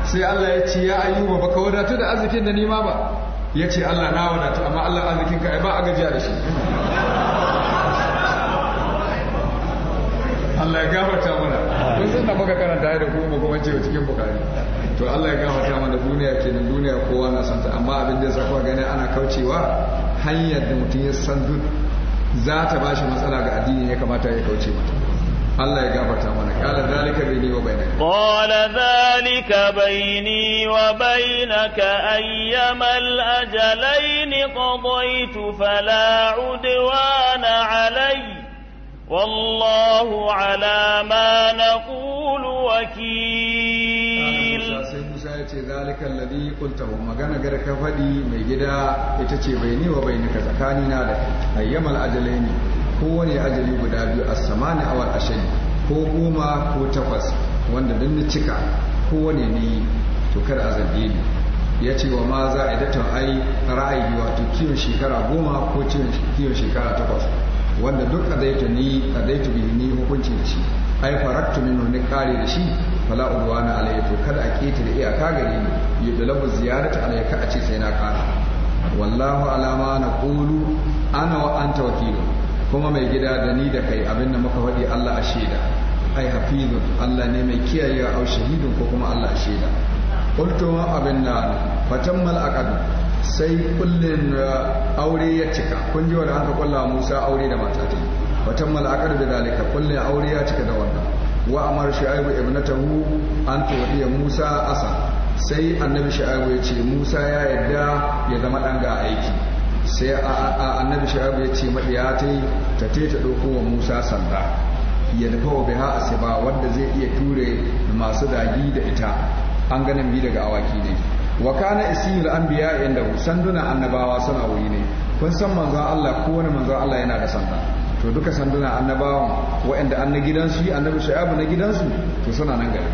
sai Allah ya ce ya ayyuba baka wadatu da arzikin da nima ba ya ce Allah na wadatu amma Allah arzikin ka ai ba a gajiya da shi Allah ya gafarta mana kun san da muka karanta da ku kuma cewa cikin bukari to Allah ya gafarta mana duniya kenan duniya kowa na santa amma abin da zakuwa gani ana kaucewa hanyar da mutum ya san duk za ta bashi matsala ga addini ya kamata ya kauce mata Allah ya gafarta mana kala zalika baini wa bainaka qala zalika baini wa bainaka ayyama al-ajalain qadaytu fala udwana alayya والله على ما نقول وكيل sai Musa ya ce zalika alladhi qultahu magana gar ka fadi mai gida ita ce bai ni wa bai ni ka tsakani na da ayyamal ajalaini wani ajali guda biyu as-samani aw al-ashay ko goma ko takwas wanda dan ni cika kowane ne to kar a zarge ni ya ce wa ma za a ai ra'ayi wato kiwon shekara goma ko kiwon shekara takwas wanda duk kadaita ni kadaita bi ni hukunci da shi ai faraktu ni kare da shi fala udwana alayhi to kada a kete da iyaka gare ni ya dalabu ziyarata alayka a ce sai na kara wallahu alama na qulu ana wa anta wakilu kuma mai gida da ni da kai abin da muka faɗi Allah a shaida ai hafizun Allah ne mai kiyaye au shahidun ko kuma Allah a shaida qultu abin na fatammal aqad sai kullum uh, aure ya cika kun ji aka kulla Musa aure da mata ta watan malakar da dalika kullum aure ya cika da wannan wa amar shu'aibu ibnatahu an tawdiya Musa asa sai annabi shu'aibu ya ce Musa ya yarda ya zama dan ga aiki sai annabi shu'aibu ya ce madiya ta ta te ta wa Musa sanda ya dafa wa biha asiba wanda zai iya ture masu dagi da ita an ganin bi daga awaki ne wa kana ismul anbiya inda sanduna annabawa suna wuyi ne kun san manzon Allah ko wani manzon Allah yana da sanda to duka sanduna annabawan waɗanda an na gidansu annabi sha'abu na gidansu to suna nan gari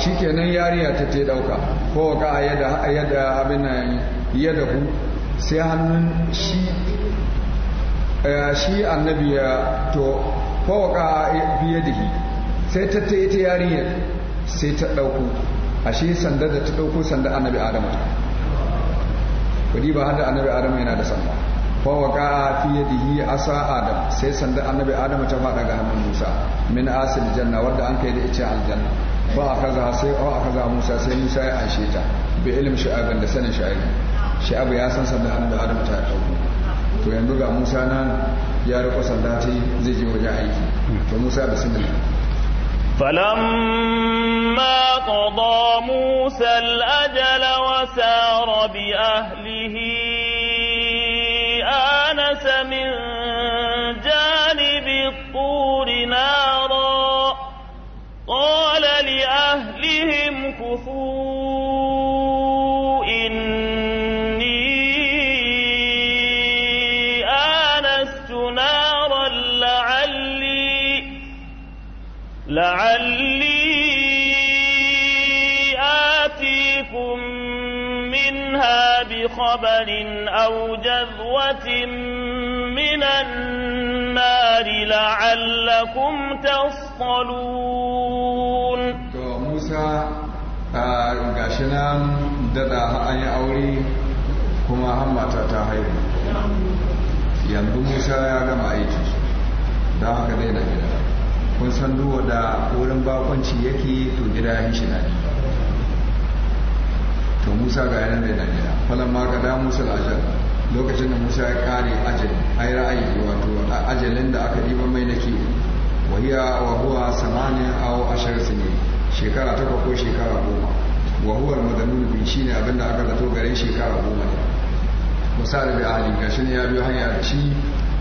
shi kenan yariya ta te ɗauka ko ayyada yadda abin nan yadda ku sai hannun shi eh, shi annabi ya to ko waka biye dihi sai ta te ta yariyar sai ta ɗauko ashe sanda da ta ɗauko sanda annabi adamu kudi ba hada annabi adamu yana da sanda fa waqa fi yadihi asa adam sai sanda annabi adamu ta fada ga hannun musa min asil janna wanda an kai da ice aljanna ba kaza sai a kaza musa sai musa ya ashe ta bi ilmi sha'aban da sanin sha'abi sha'abu ya san sanda annabi adamu ta ɗauko to yanzu ga musa nan ya riko sanda ta zai je wajen aiki to musa bismillah فلما قضى موسى الأجل وسار بأهله صبر أو جذوة من النار لعلكم تصطلون موسى gashinan dada an yi aure kuma hammata ta haihu yanzu musa ya gama aiki don haka daina gida kun san duwa da wurin bakonci yake to gida yin shi na to musa ga yanar mai daniya falon ma da musa ajal lokacin da musa ya kare ajal ai ra'ayi wato ajalin da aka diba mai na ke wahiya wa huwa samani aw ashar sini shekara ta ko shekara goma wa huwa madanun bi shine abinda aka zato garin shekara goma ne musa da bi ahli gashi ne ya biyo hanya da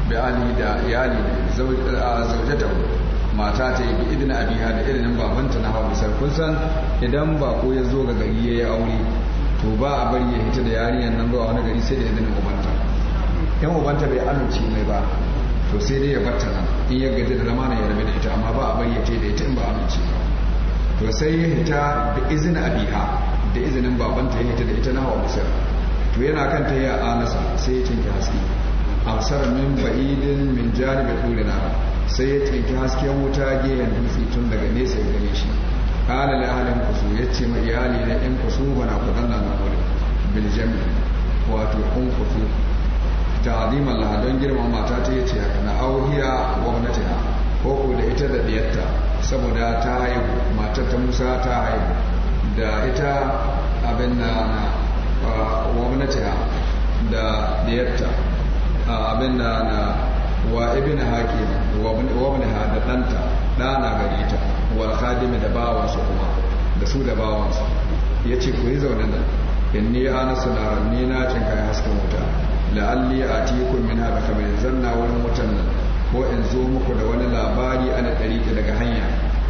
bi ali da iyali zaujatahu mata ta yi bi idin abiha da irin babanta na hawa misal kun san idan ba ko ya zo ga gari ya yi aure to ba a bari ya hita da yarinyar nan zuwa wani gari sai da na ubanta yan ubanta bai amince mai ba to sai dai ya batta nan in ya gaji da zama ya rabe da ita amma ba a bari ya da ita in ba amince ba to sai ya hita da izinin abiha da izinin babanta ya hita da ita na hawa bisir to yana kan ta yi a nasa sai ya cinke haske amsar min ba'idin min janibi tulina sai ya cinke hasken wuta gehen dutse tun daga nesa ya gane shi kala da halin kusu ya ce ma iyali na yan kusu bana ku danna na wurin biljami wato kun kusu ta aziman lahadon girman ta yace na auhiya gwamnati na ko da ita da diyarta saboda ta haihu matar musa ta haihu da ita abin na gwamnati da diyarta abin na wa ibn hakim wa ibn ha da ɗanta ɗana gari ta wal da bawansa kuma da su da bawansu ya ce ku yi zaune nan in ni ana suna ni na cin hasken wuta la'alli a tikun min da kamar zanna wani wutan nan ko in zo muku da wani labari ana ta daga hanya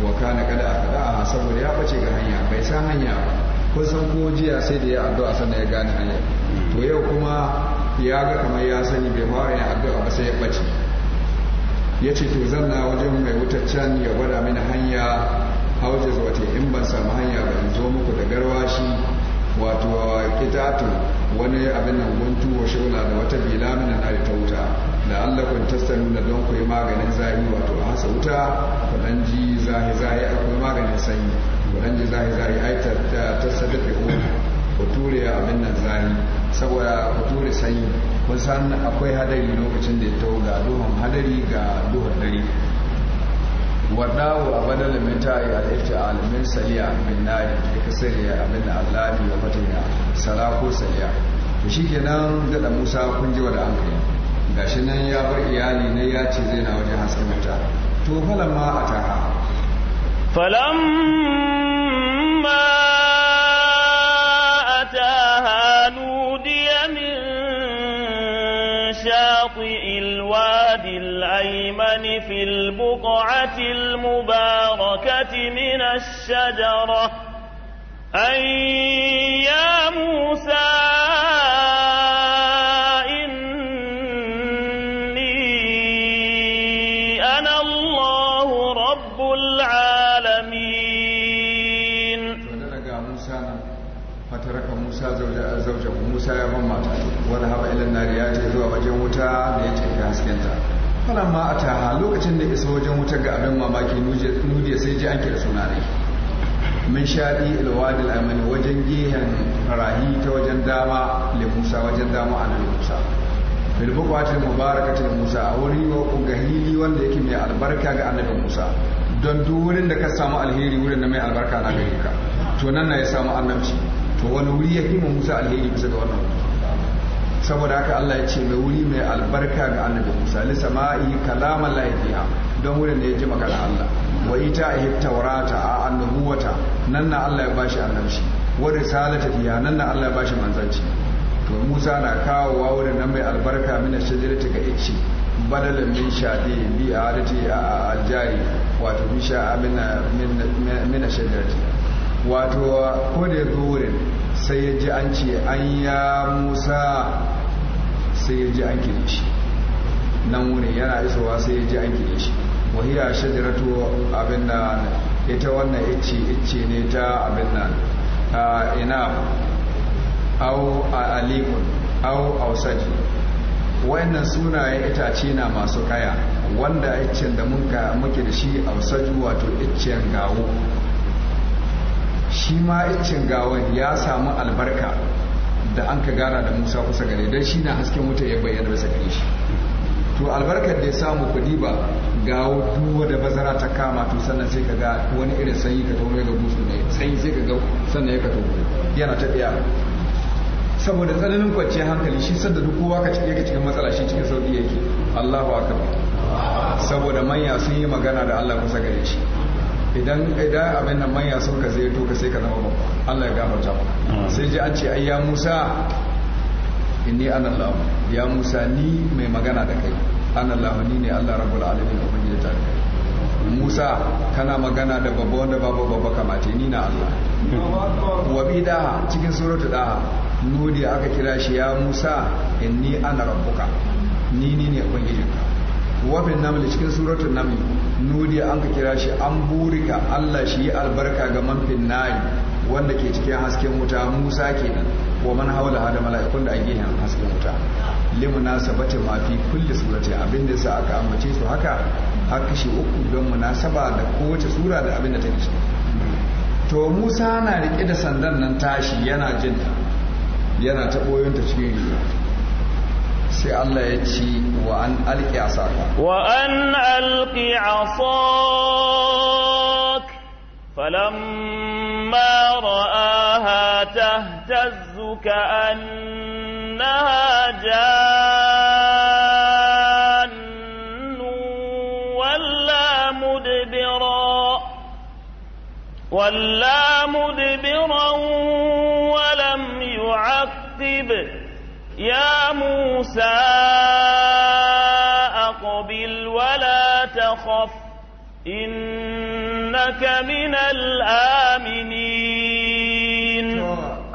wa kana kada a kada a saboda ya bace ga hanya bai san hanya ba kun san ko jiya sai da ya addu'a sannan ya gane hanya to yau kuma ya ga kamar ya sani bai fara yin addu'a ba sai ya bace ya ce to zan na wajen mai can ya gwada mini hanya zuwa wata in ban samu hanya ba in zo muku da garwashi wato to wani abin nan guntu wa shugula da wata bila mini na ta wuta da Allah kun na don ku yi maganin zahi wato a hasa wuta ku dan ji zahi zahi akwai maganin sanyi ku dan ji zahi zahi ai ta tasadda da ku ture abin nan zari saboda ku sanyi kun san akwai hadari lokacin da ya tauga ga duhun hadari ga duhun dare waddawo a badal min ta'i al-iftial min saliya min nari da kasar ya abin da Allah ya fata ya sala ko saliya to nan gada Musa kun ji wada an ga shi nan ya bar iyali na ya ce zai na wajen hasken mata to a ataha falamma المباركة من الشجرة أن يا موسى إني أنا الله رب العالمين فترك موسى زوجه موسى يا ماما وذهب إلى النار ياتي زوجه متى falan ma a taha lokacin da isa wajen wutar ga abin mamaki nudiya sai ji an kira suna ne min shaɗi ilwadi al'amani wajen gehen rahi ta wajen dama le musa wajen dama a nan musa filbukwatin mubarakatin musa a wuri ga hili wanda yake mai albarka ga annabi musa don duk wurin da ka samu alheri wurin da mai albarka na gari ka to nan na ya samu annabci to wani wuri ya kima musa alheri bisa ga wannan wuri saboda haka Allah ya ce mai wuri mai albarka ga annabi Musa li sama'i kalaman laifiya don wurin da ya ji magana Allah wa ita yi taurata a annabuwata. nan na Allah ya bashi annabci wa risalata fiya nan na Allah ya bashi manzanci to Musa na kawo wa wurin nan mai albarka min ta ga ice badalan min shadi bi adati a aljari wato bi sha amina min min shajarati wato ko da ya zo wurin sai ya ji an ce an ya musa sai ya ji an kiri shi nan wuri yana isowa sai ya ji an kiri shi wahiya shajaratu abin da ita wannan ice ice ne ta abin nan ina au alikun au ausaji wayannan sunayen itace na masu kaya wanda iccen da muke da shi ausaju wato iccen gawo shi ma iccen gawan ya samu albarka da an ka gara da musa kusa gare don shi na hasken wuta ya bayyana bisa gare shi to albarkar da ya samu kudi ba gawo duwa da bazara ta kama to sannan sai ka ga wani irin sanyi ka tono ga gusu ne sanyi sai ka ga sannan ya ka tono yana ta tsaya saboda tsananin kwanciyar hankali shi sanda duk kowa ka cike cikin matsala shi cikin sauki yake Allahu akbar saboda manya sun yi magana da Allah kusa gare shi idan idan abin nan manya sun ka zai to ka sai ka zama babba Allah ya gafarta maka sai ji an ce ai ya Musa inni ana Allah ya Musa ni mai magana da kai ana Allah ni ne Allah rabbul alamin ubangiji ta kai Musa kana magana da babba wanda babu babba ce ni na Allah wa bi daha cikin suratu daha nudi aka kira shi ya Musa inni ana rabbuka ni ni ne ubangijinka wafin namli cikin suratun namli nudi an ka kira shi an burika Allah shi yi albarka ga manfin nari wanda ke cikin hasken wuta Musa kenan wa man haula hada mala'ikun da ake yin hasken wuta limunasabati ma fi kulli surati abinda yasa aka ambace su haka har kashi uku don munasaba da kowace sura da abin da take ciki to Musa na rike da sandan nan tashi yana jin yana ta boyon ta cikin riga سي الله يجي وان القي عصاك وان القي عصاك فلما راها تهتز كانها جاء ولا مدبرا ولم يعقب يا موسى أقبل ولا تخف إنك من الآمنين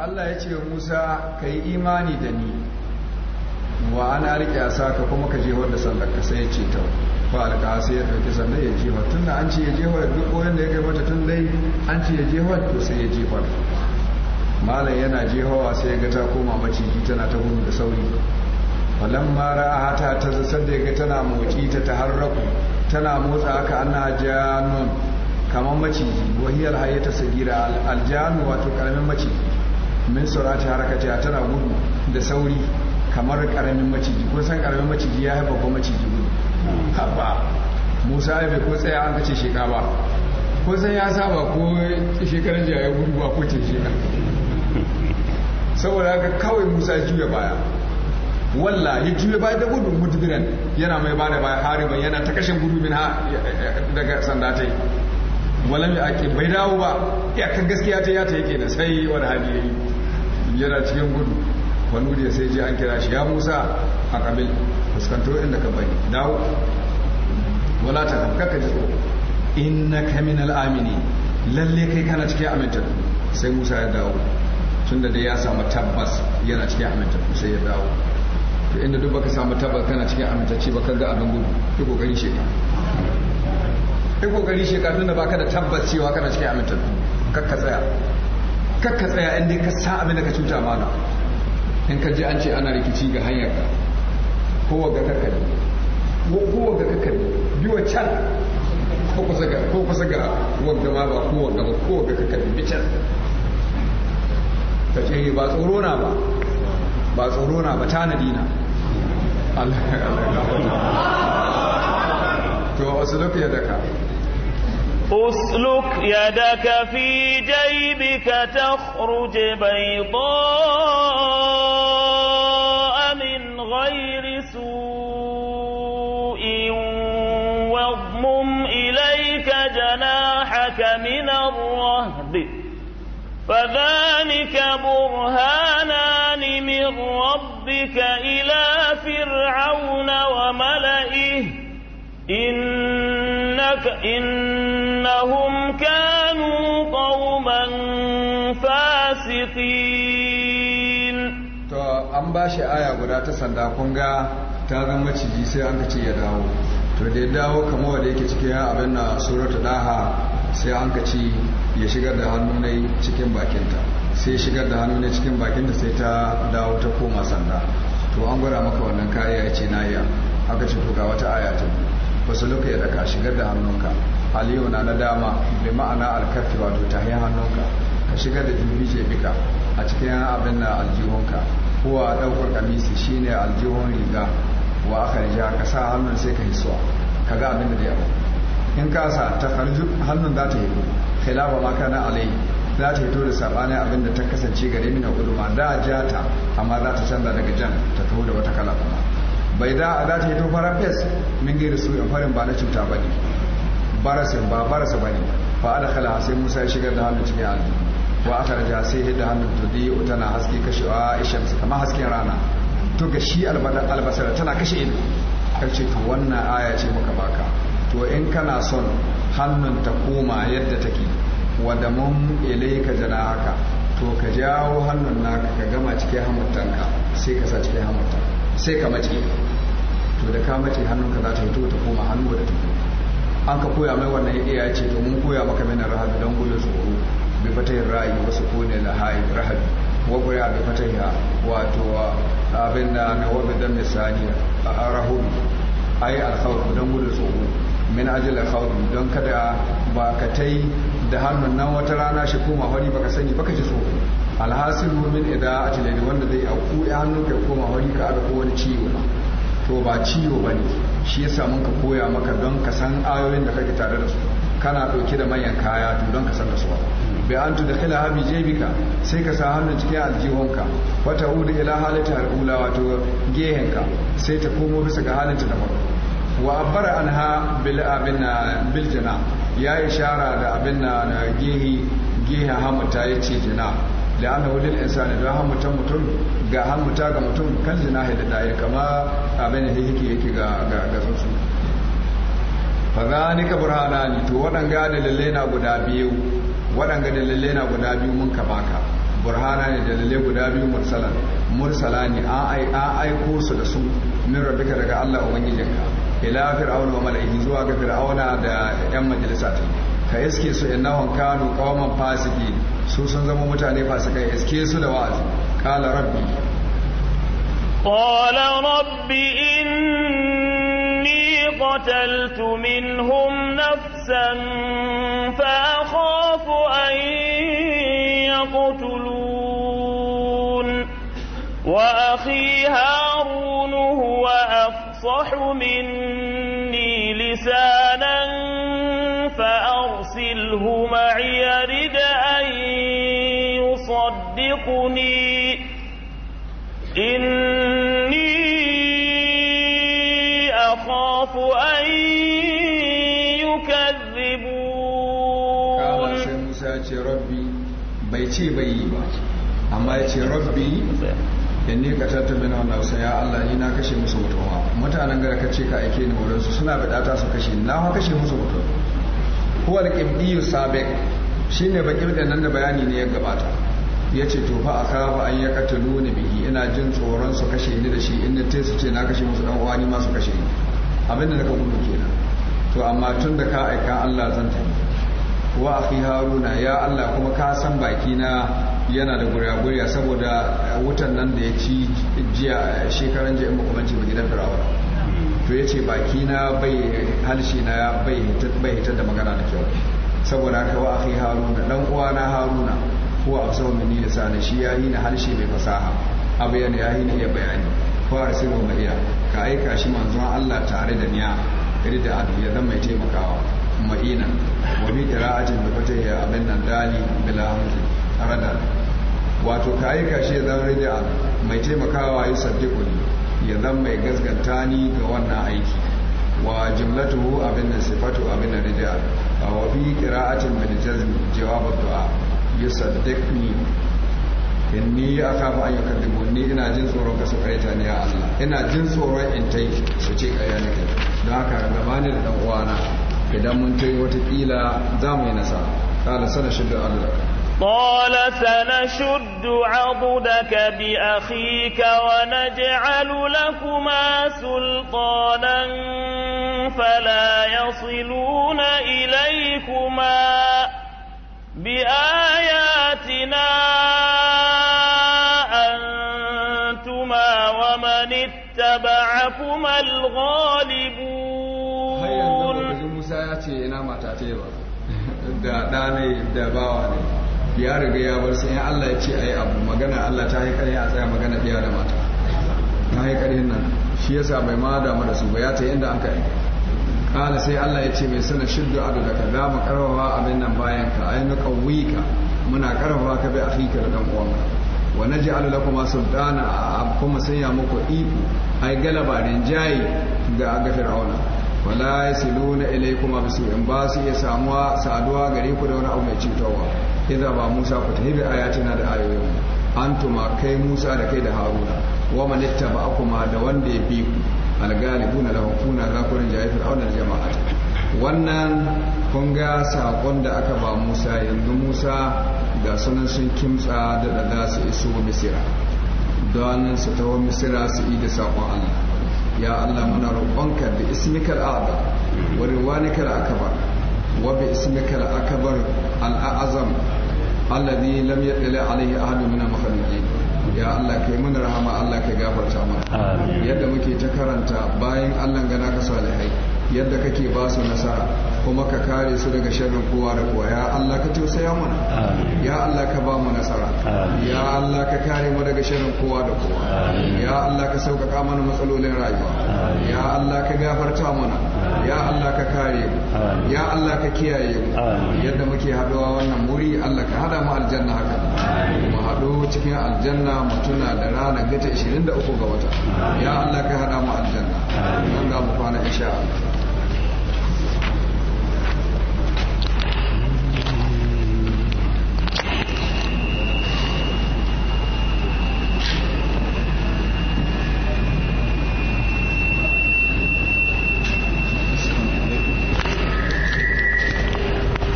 الله يتي موسى كي إيماني دني وأنا أريد أساك كما كجي ورد سلك سيتي تو falaka sai ya ɗauki sannan ya jefa tun da an ce ya jefa duk wanda ya kai mata tun dai an ce ya jefa to sai ya malam yana je hawa sai ya ga ta koma maciji tana ta gudu da sauri falan mara a hata ta zasar da ya ga tana motsi ta ta harraku tana motsa haka ana janun kamar maciji wahiyar haye ta sagira aljanu wato karamin maciji min surati a tana gudu da sauri kamar karamin maciji kun san karamin maciji ya haifar babban maciji gudu haɓa musa ya bai ko tsaya an kace sheka ba ko san ya saba ko shekarar jiya ya gudu ba ko ce sheka saboda ga kawai musa juya baya walla ya juya baya da gudun mudbiran yana mai bada baya hariban yana ta kashin gudu min daga sanda ta walam ya ake bai dawo ba ya kan gaskiya ta yata yake na sai wani hali yi. yana cikin gudu wani ya sai je an kira shi ya musa a kabil fuskanto inda ka bari dawo wala ta kafkaka ji tsoro innaka minal amini lalle kai kana cikin amintattu sai musa ya dawo tun da dai ya samu tabbas yana cikin aminta sai ya dawo to inda duk baka samu tabbas kana cikin aminta ba baka ga abin gudu ki kokari sheka ki kokari sheka tun da baka da tabbas cewa kana cikin aminta kakka tsaya kakka tsaya inda ka sa abin da ka cuta mana in ka ji an ce ana rikici ga hanyar ka kowa ga ko kowa ga kakkari biwa can ko kusa ga wanda ma ba kowa ga ba kowa ga kakkari bi can ka ce ba tsoro na ba ba tsoro na ba tanadi na <laughs> to usluk يدك في جيبك تخرج بيضاء من غير سوء واضمم إليك جناحك من الرهب فذلك برهانان من ربك إلى فرعون وملئه إنك إنهم كانوا قوما فاسقين to an ba shi aya guda ta sanda kun ga ta maciji sai an ce ya dawo to da ya dawo kamar wanda yake cikin abin na suratul daha sai an ka ya shigar da hannu ne cikin bakinta sai shigar da hannu ne cikin bakinta sai ta dawo ta koma sanda to an gwada maka wannan kariya ya ce nahiya aka ce to ga wata aya ta wasu luka ya daka shigar da hannunka aliyu na dama mai ma'ana alkafi wato tahiyan hannunka ka shigar da jirgin ce bika a cikin abin na aljihunka ko a daukar kamisi shine aljihun riga wa aka rija ka sa hannun sai ka hisuwa ka ga abin da ya in ka sa ta farju hannun za ta yi khilafa ma kana alai za ta hito da sabani abin da ta kasance gare mina ma da ja ta amma za ta canza daga jan ta taho da wata kala kuma bai da za ta hito fara fes min gaira su yan farin ba na cuta ba ne ba barasa ba ne fa ala kala sai musa ya shigar da hannun cikin aljihu wa aka raja sai hidda hannun tudi tana haske kashewa Aisha kamar hasken rana to ga shi albasara tana kashe ido kace to wannan aya ce muka baka to in kana son hannun ta koma yadda take wadda mun ilaika jana haka to ka jawo hannun naka ka gama cikin hamurtanka sai ka sa cikin hamurtan sai ka mace to da ka mace hannun ka za ta fito ta koma hannu da ta an ka koya mai wannan iya ce to mun koya maka na rahabi don gudun tsoro fata yin ra'ayi wasu kone lahayi rahabi wa ƙuri'a fata fatahiya wato abin da na wabi don misali a rahobi yi alkhawar don gudun tsoro min ajil khawdi don kada ba ka tai da hannun nan wata rana shi koma hori baka sani baka ji so alhasilu min ida atilani wanda zai auku ya hannu ka koma hori ka aka ko wani ciwo to ba ciwo bane shi yasa mun ka koya maka don ka san ayoyin da kake tare da su kana dauke da manyan kaya to don ka san da su bi an tudkhila ha habi jebika sai ka sa hannun cikin aljihonka wata hudu ila halata al wato gehenka sai ta komo bisa ga halinta ta farko wa abbara anha bil abin bil jana ya ishara da abin na gehi gehi hamuta yace jana da ana wajen insani don hamutan mutum ga hamuta ga mutum kan jina da daya kama abin da yake yake ga ga tsuntsu fa zalika burhanani to waɗanga dalilai na guda biyu waɗanga dalilai na guda biyu mun ka baka burhana ne dalilai guda biyu mursalan mursala ne an aiko su da su min rabbika daga Allah ubangijinka ila fir'auna wa mala'ihi zuwa ga fir'auna da yan majalisa ta ka iske su innahum kanu qauman fasiki su sun zama mutane fasikai iske su da wa'azi qala rabbi qala rabbi inni qataltu minhum nafsan fa akhafu an yaqtulun wa akhi harun huwa afsahu min يرزقني إني أخاف أن يكذبون موسى ce rabbi bai ce bai yi ba amma ya ce rabbi da ne ka tattabi na wannan ya Allah ni na kashe musu mutuwa mutanen gara ka ce ka aike ni wurin su suna bidata su kashe na ha kashe musu mutuwa huwa al-qibdi sabiq shine bakir da nan da bayani ne ya gabata ya ce to fa a kafa an ya katalu ni bihi ina jin tsoron su kashe ni da shi in te su ce na kashe musu dan uwani ni ma kashe ni abin da naka gudu kenan to amma tun da ka aika Allah zan tafi wa akhi haruna ya Allah kuma ka san baki na yana da gurya-gurya saboda wutan nan da ya ci jiya shekaran jiya makamanci ba gidan firawara to ya ce baki na bai halshi na bai hitar da magana da kyau saboda haka wa akhi haruna dan uwa na haruna ko a sau mini da sani shi ya yi na harshe mai fasaha abu yana ya yi na iya bayani ko a sirri iya. ka aika shi manzon Allah tare da niya iri da abu ya zama mai taimakawa ma'ina wa bi qira'atin bi fatih ya abin nan dali bila hamdi arada wato ka aika shi ya zama da mai taimakawa ya saddiqu kuli ya zama mai gaskanta ni ga wannan aiki wa jimlatu abin nan sifatu abin nan rida wa bi qira'atin bil jazm Jawabar du'a yusaddiqni inni akafu an ni ina jin tsoron ka su kaita ni a Allah ina jin tsoron in tai su ce kaya nake don haka gabani da ɗan'uwana uwana idan mun ta wata watakila za mu yi nasara qala sanashuddu Allah قال سنشد عضدك بأخيك ونجعل لكما سلطانا فلا يصلون إليكما بآياتنا أنتما ومن اتبعكما الغالبون هيا نقول موسى يأتي إنا ما da da ne ya riga ya bar sai Allah ya ce abu magana Allah ta a tsaya magana da mata ta nan shi yasa bai ma da su ba ya ta inda an ka yi. kala sai Allah ya ce mai sana shiddu adu da ka mu karfafa abin nan bayan ka ayi na kawika muna karfafa ka bi akhika da dan uwanka wa naj'alu lakum sultana kuma sanya muku iko ai galaba jayi ga ga fir'auna wala yasiluna ilaykum bisu'in ba su iya samuwa saduwa gare ku da wani abu mai cutarwa idan ba Musa ku tahibi ayatina da ayoyin antuma kai Musa da kai da Haruna wa man ittaba'akuma da wanda ya bi ku algalibuna lahum kuna za ku rinjaye fir'auna jama'a wannan kun ga sakon da aka ba Musa yanzu Musa ga sunan sun kimtsa da da za su iso Misira don su taho Misira su yi da sakon Allah ya Allah muna roƙonka da ismikal a'da wa riwanikal akbar wa bi ismikal akbar al-a'zam alladhi lam yadli alayhi ahadun min al-makhluqin ya Allah kai mana rahama Allah ka gafarta mana yadda muke ta karanta bayan Allah gana ka salihai yadda kake ba su nasara kuma ka kare su daga sharrin kowa da kowa ya Allah ka tausaya mana ya Allah ka ba mu nasara ya Allah ka kare mu daga sharrin kowa da kowa ya Allah ka sauƙaƙa mana matsalolin rayuwa ya Allah ka gafarta mana ya Allah ka kare mu ya Allah ka kiyaye mu yadda muke haɗuwa wannan muri Allah ka hada mu aljanna haka haɗu cikin aljanna mutuna da rana gata 23 ga wata ya Allah ka hada mu aljanna amin ga mu kwana insha Allah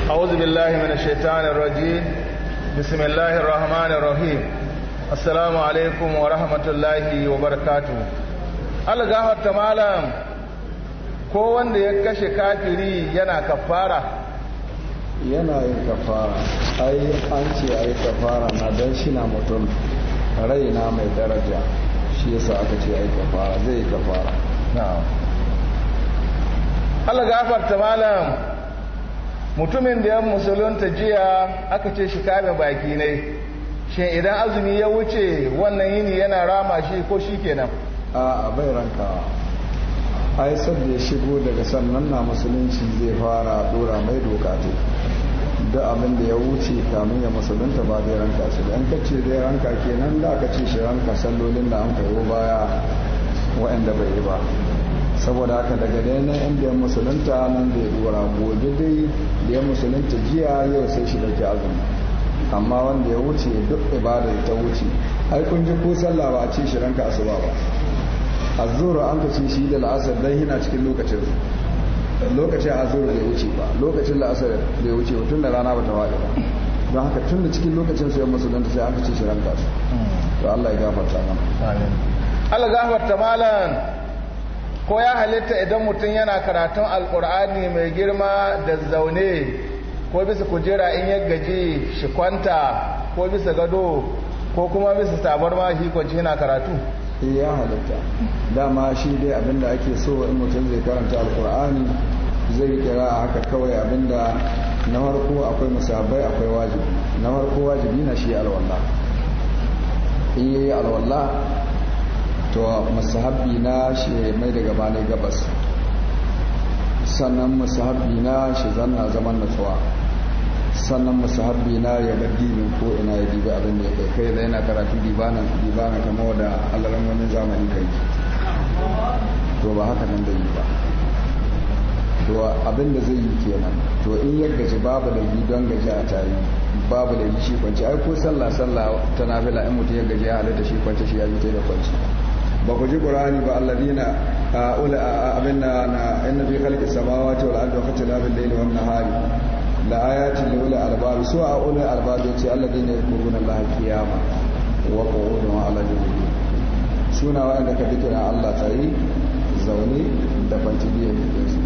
أعوذ بالله من الشيطان الرجيم بسم الله الرحمن الرحيم السلام عليكم ورحمة الله وبركاته algaha ta malam ko wanda ya kashe kafiri yana kafara yana yin kafara ai an ce ai kafara na don shi na mutum raina mai daraja shi yasa aka ce ai kafara zai kafara na'am algafar ta malam mutumin da ya musulunta jiya aka ce shi kame baki ne shi idan azumi ya wuce wannan yini yana rama shi ko shi kenan a bai ranka ai da ya shigo daga sannan na musulunci zai fara dora mai doka to da abin da ya wuce kamun ya musulunta ba zai ranka su da ka ce zai ranka kenan da aka ce shi ranka sallolin da an kayo baya waɗanda bai yi ba saboda haka daga da na yan biyan musulunta nan da ya dora gobe dai ya musulunta jiya yau sai shi dauki azumi amma wanda ya wuce duk ibada ta wuce ai kun ji ko sallah ba a ci shi ranka asuba ba azzuru an ka ci shi da la'asar dan yana cikin lokacin lokacin azzuru bai wuce ba lokacin la'asar bai wuce ba tun da rana ba ta waɗe ba don haka tun da cikin lokacin sai musulunta sai ka ci shi ranka su to Allah ya gafarta mana amin Allah gafarta malam. ko ya halitta idan mutum yana karatun alkur'ani mai girma da zaune ko bisa kujera in ya gaji shi kwanta ko bisa gado ko kuma bisa ma shi kwanci yana karatu eh, ya halitta dama shi dai abinda ake so in mutum zai karanta alkur'ani zai kira a haka kawai abinda na farko akwai musabbai akwai wajibi na farko wajibi na shi alwallah in yi alwallah to musahabi na shi mai da gaba ne gabas sannan musahabi na shi zanna zaman natsuwa sannan musahabi na ya ga dinin ko ina ya dibi abin da ya kai kai zai yana karatu dibanan dibanan kamar da allaran wani zamani kai to ba haka nan da yi ba to abin da zai yi kenan to in ya gaji babu da yi don gaji a tare babu da yi shi kwanci ai ko sallah sallah ta nafila in mutum ya gaji ya halatta shi kwanci shi ya yi ta da kwanci ba ku ji qur'ani ba alladina abinna na inna fi khalqi samawati wal ardi wa ikhtilafil layli wan nahari la ayati li ula albab su a ulil albab yace alladina yaquluna la qiyama wa qu'udu ala junubi suna inda ka dikira Allah tsayi zaune da kwanciyar jikinsu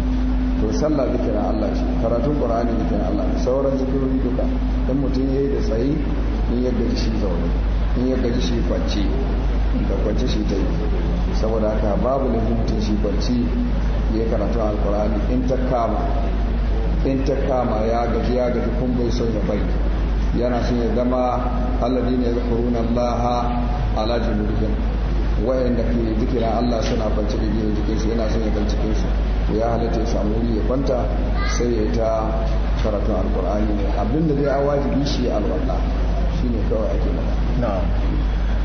to sallah zikirin Allah ce karatun Qur'ani zikirin Allah sauran zikirori duka dan mutum yayi da tsayi in yadda gaji shi zaune in yadda gaji shi kwanci da kwanci shi ta yi saboda haka babu lahimtin shi barci ya karatu alkur'ani in ta kama in ta kama ya gaji ya gaji kun bai son ya bai yana son ya zama alladi ne laha allaha ala wayan wayanda ke jikira allah suna kwanci da biyu jikin su yana son ya gan cikin su ya halitta ya samu wuri ya kwanta sai ya ta karatu alkur'ani ne abinda zai wajibi shi alwallah shine kawai ake magana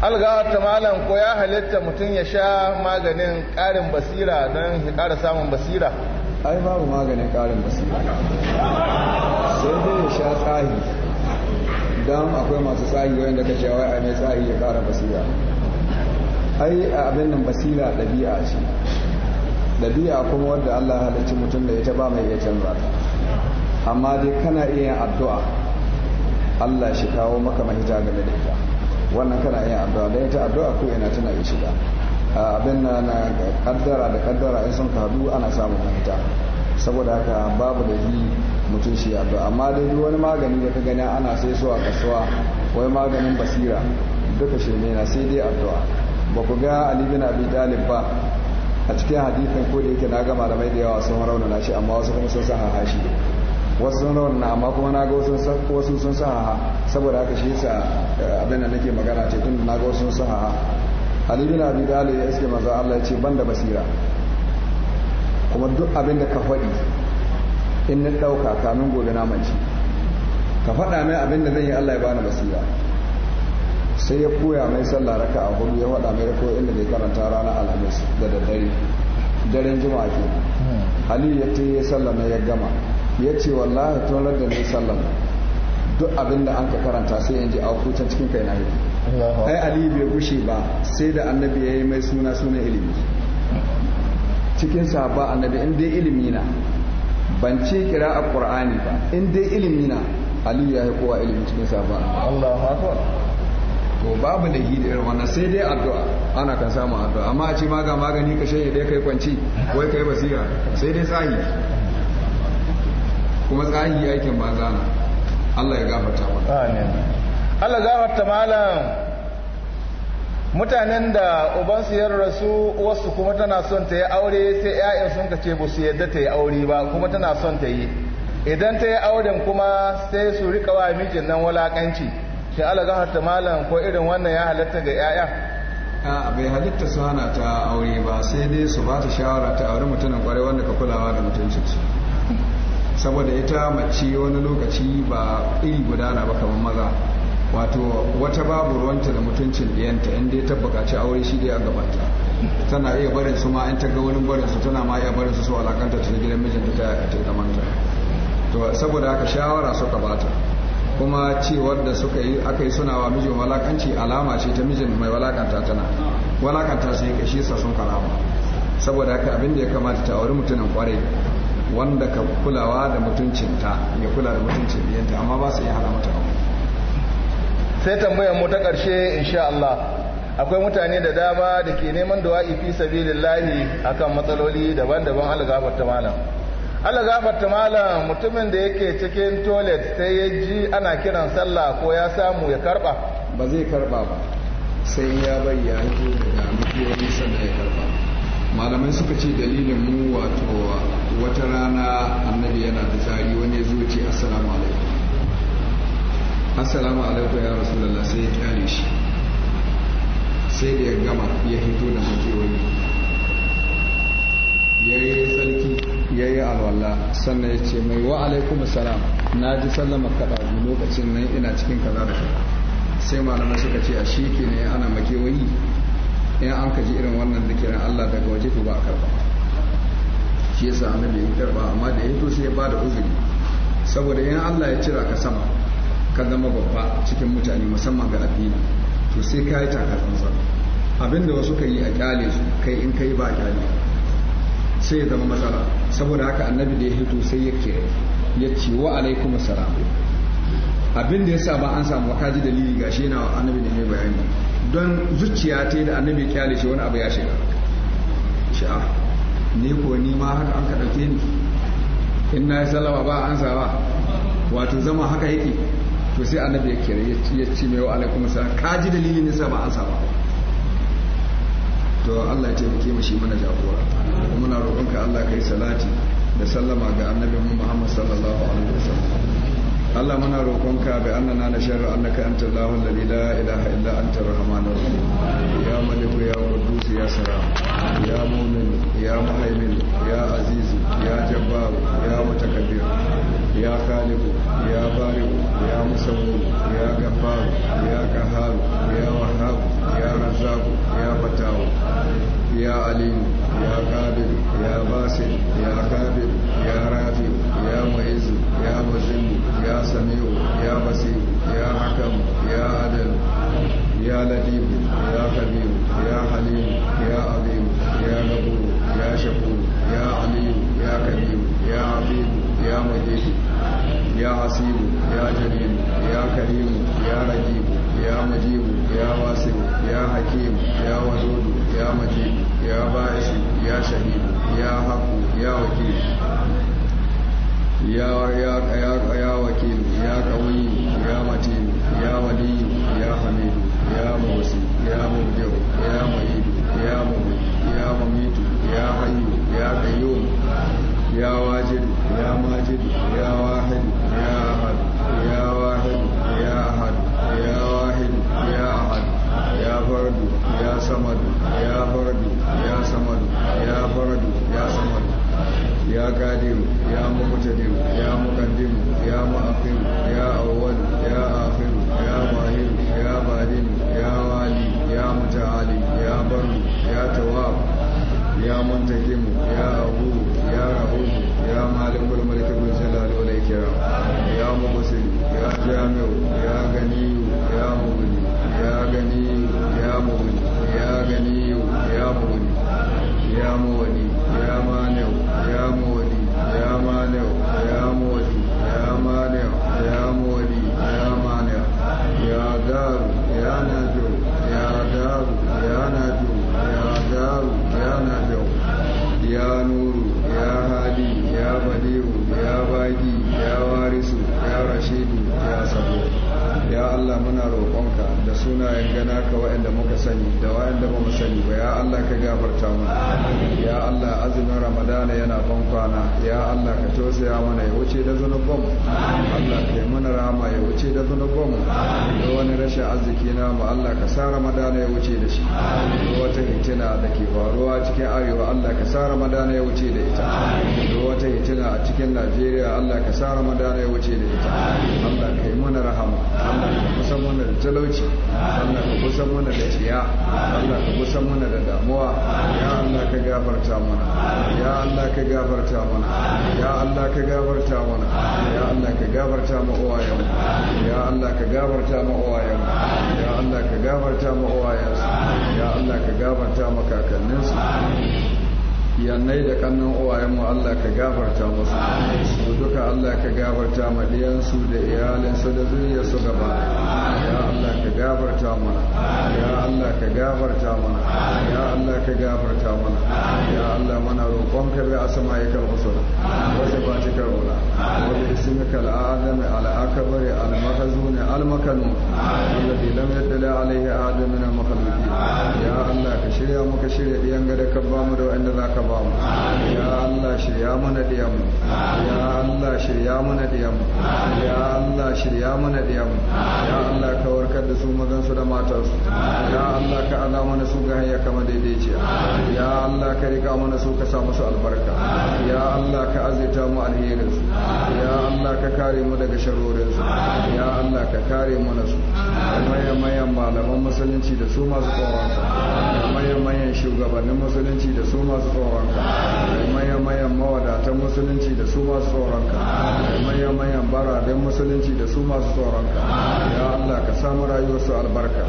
ta malam ko ya halitta mutum ya sha maganin ƙarin basira don ya samun basira ai babu maganin ƙarin basira sai dai ya sha tsahi don akwai masu tsahi da ka sha wai mai tsahi ya ƙara basira ai a abin nan basira ɗabi'a ce ɗabi'a kuma wadda Allah halicci mutum da ita ba mai iya canza ta amma dai kana iya addu'a Allah shi kawo maka mahita game da ita wannan kana yin addu'a da ta addu'a ko ina tana yi shiga abin na na kaddara da kaddara in sun kadu ana samun mafita saboda haka babu da yi mutum shi addu'a amma dai wani magani da ka gani ana sai suwa a kasuwa wai maganin basira duka shirme na sai dai addu'a ba ku ga ali bin abi ba a cikin hadithin ko da yake na gama da mai da yawa sun raunana shi amma wasu kuma sun sa hahashi wasu sun rawan na amma kuma na ga wasu sun sahaha saboda haka shi sa eh, abin da nake magana ce tun na ga wasu sun sahaha ali bin da dalib ya iske maza Allah ya ce ban da basira kuma duk abin da ka faɗi in na ɗauka kamin gobe na mace ka faɗa mai abin da zan yi Allah ya bani basira sai ya koya mai sallah raka a hudu ya faɗa mai rako inda bai karanta ranar alhamis da daddare daren jima'a ke hmm. aliyu ya ta yi sallah ya gama ya ce wallahi tonar da ni sallan duk abin da an ka karanta sai in ji aukutan cikin kai na hidi ai ali bai gushe ba sai da annabi ya yi mai suna sunan ilimi cikin sahaba annabi in dai ilimi na ban ce kira a qur'ani ba in dai ilimi na ali ya yi kowa ilimi cikin sahaba Allahu akbar to babu da hidiyar wannan sai dai addu'a ana kan samun addu'a amma a ce ma ga magani ka shanye dai kai kwanci wai kai basira sai dai tsahi kuma yi aikin banza na Allah ya gafarta mana amin Allah gafarta malam mutanen da ubansu ya rasu wasu kuma tana son ta yi aure sai 'ya'yan sun kace ba su yadda ta yi aure ba kuma tana son ta yi idan ta yi auren kuma sai su rika wa mijin nan walakanci sai Allah gafarta malam ko irin wannan ya halatta ga 'ya'ya a bai halitta su hana ta aure ba sai dai su ba ta shawara ta aure mutanen kwarai wanda ka kulawa da mutuncinsu saboda ita mace wani lokaci ba iri gudana ba kamar maza wato wata babu ruwanta da mutuncin ɗiyanta inda ya ta bukaci aure shi da a gabata tana iya barin su ma in ta ga wani barin su tana ma iya barin su su alakanta ta gidan mijinta ta ta manta to saboda haka shawara suka bata kuma cewar da suka yi aka yi suna wa mijin walakanci alama ce ta mijin mai walakanta tana walakanta sai kashi sa sun karama saboda haka abin da ya kamata ta auri mutunan kwarai wanda ka kulawa da mutuncinta ya kula da mutuncin biyanta amma ba su iya hana mata abu sai tambayar mu ta ƙarshe insha Allah akwai mutane da dama da ke neman wa'i fi a akan matsaloli daban-daban algafar ta malam algafar ta malam mutumin da yake cikin toilet sai ya ji ana kiran sallah ko ya samu ya karba ba zai karba ba sai ya bayyana da mutuwa sannan ya karba malamai suka ce dalilin mu wato wata rana annabi yana da tsari wani ya zo ce assalamu alaikum assalamu alaikum ya rasulullah sai ya kyale shi sai da ya gama ya hito da wani ya yi tsarki ya yi alwallah sannan ya ce mai wa alaikum salam na ji sallama kaɗa lokacin nan ina cikin kaza da kaza sai malamai suka ce a shi ke ne ana makewayi in an ka ji irin wannan da kiran Allah daga waje to ba a karba shi yasa annabi ya karba amma da ya to sai ya bada uzuri saboda in Allah ya cira ka sama ka zama babba cikin mutane musamman ga addini to sai ka yi takatsantsan abinda wasu ka yi a kyale su kai in kai ba kyale sai ya zama matsala saboda haka annabi da ya hito sai ya ke ya ce wa alaikum salam abin da ya sa ba an samu ji dalili shi yana annabi ne mai bayani don zuciya ta da annabi kyale shi wani abu ya shiga Sha. ne ko ni ma haka an ka dauke ni in na yi sallama ba an ba. wato zama haka yake to sai annabi ya kira ya ci mai wa alaikum ka ji dalilin nisa ba an ba. to Allah ya taimake mu shi mana jagora muna roƙonka Allah kai salati da sallama ga annabi Muhammad sallallahu alaihi wasallam Allah muna roƙonka bi annana na sharri annaka antal lahu alladhi la ilaha illa anta arrahmanur rahim ya malik ya qudus ya salam ya mu'min ya muhaimin ya aziz ya jabbar ya mutakabbir ya khaliq ya bari ya musawwir ya ghaffar ya qahhar ya wahhab ya razzaq ya fataw يا عليم يا قادر يا باسل يا قادر يا رافع يا معز يا مذل يا سميع يا بصير يا حكم يا عدل يا لطيف يا خبير يا حليم يا عظيم يا غفور يا شكور يا عليم يا كريم يا عظيم يا مجيد يا عسير يا جليل يا كريم يا رجيب يا مجيب يا واسع يا حكيم يا ودود ya maji ya ba'ishi ya shahid ya haku ya wakil ya ya ya ya wakil ya kawai ya mati ya wali ya hamid ya musi ya mubdi ya muhid ya mubid ya mumit ya hayyu ya qayyum ya wajid ya majid ya wahid ya ahad ya ya samadu ya faradu, ya samadu ya faradu, ya samadu ya kadiru ya muqtadiru ya muqaddimu ya mu'akhiru ya awwalu ya akhiru ya zahiru ya badin, ya wali ya muta'ali ya baru ya tawwab ya muntakim ya abu ya rahu ya malik al malik bil jalal wal ikram ya mubsir ya jami'u ya ganiyu ya mubin ya ganiyu ya mubin ya gani yau ya mawani ya mawani ya maniyau ya mawani ya maniyau ya mawani ya maniyau ya mawani ya maniyau ya daru nuru ya hadi ya badiru ya baki ya warisu ya rashidu ya sabo. ya Allah muna roƙonka da sunayen gana ka wa'anda muka sani da wa'anda ba mu ba ya Allah ka gafarta mu ya Allah azumin ramadana yana ban kwana ya Allah ka tausaya mana ya wuce da zunubin Allah ka yi mana rama ya wuce da zunubin da wani rashin arziki na mu Allah ka sa ramadana ya wuce da shi da wata hitina da ke faruwa cikin arewa Allah ka sa ramadana ya wuce da ita da wata hitina a cikin Najeriya Allah ka sa ramadana ya wuce da ita Allah ka yi mana rahama Allah ka kusa mana da talauci Allah ka kusa mana da ciya Allah ka kusan mana da damuwa ya Allah ka gafarta mana ya Allah ka gafarta mana ya Allah ka gafarta mana ya Allah ka gafarta ma uwayen ya Allah ka gafarta ma uwayen ya Allah ka gafarta ma uwayen ya Allah ka gafarta ma kakanninsu amin yannai da kannan uwayenmu Allah ka gafarta musu su duka Allah ka gafarta ma diyansu da iyalinsu da zuriyarsu gaba ya Allah ka gafarta mana ya Allah ka gafarta mana ya Allah ka gafarta mana ya Allah mana roƙonka bi asma'ikal husna wa sifatikal ula wa bi ismikal azami al akbar al mahzun al makanun alladhi lam yadli alayhi ahadun min al makhluqin ya Allah ka shirya mu ka shirya ɗiyan gada ka ba mu da wanda za ka ba mu ya Allah shirya mana ɗiyan mu ya Allah shirya mana ɗiyan mu ya Allah shirya mana ɗiyan mu ya Allah ka warkar da su mazan su da matansu ya Allah ka ala mana su ga hanya kama ce ya Allah ka rika mana su ka sa musu albarka ya Allah ka azita mu su ya Allah ka kare mu daga su ya Allah ka kare mu na su da mayan mayan malaman musulunci da su masu tsoronka da mayan shugabannin musulunci da su masu tsoronka da mayan-mayan mawadatan musulunci da su masu tsoronka da mayan-mayan baraden musulunci da su masu tsoronka ya Allah ka samu rayuwar su albarka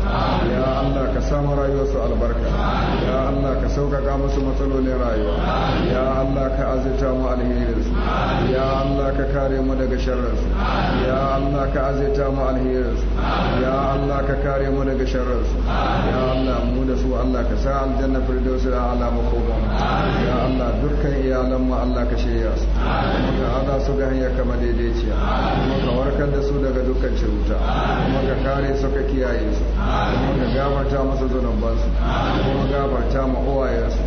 ya Allah ka samu rayuwar su albarka ya Allah ka sauƙaƙa musu matsalolin rayuwa ya Allah ka azita mu alherinsu ya Allah ka kare mu daga sharrinsu ya Allah ka azita mu alherinsu ya Allah ka kare mu daga sharrinsu ya Allah mu da su Allah ka sa aljanna firdausul a'la makoban ya Allah dukkan iyalan mu Allah ka shirya su kuma ada su ga hanya kama daidaiciya kuma ka warkar da su daga dukkan ciruta kuma ka kare su ka kiyaye su kuma ka gafarta musu zunubansu kuma gafarta ma uwayensu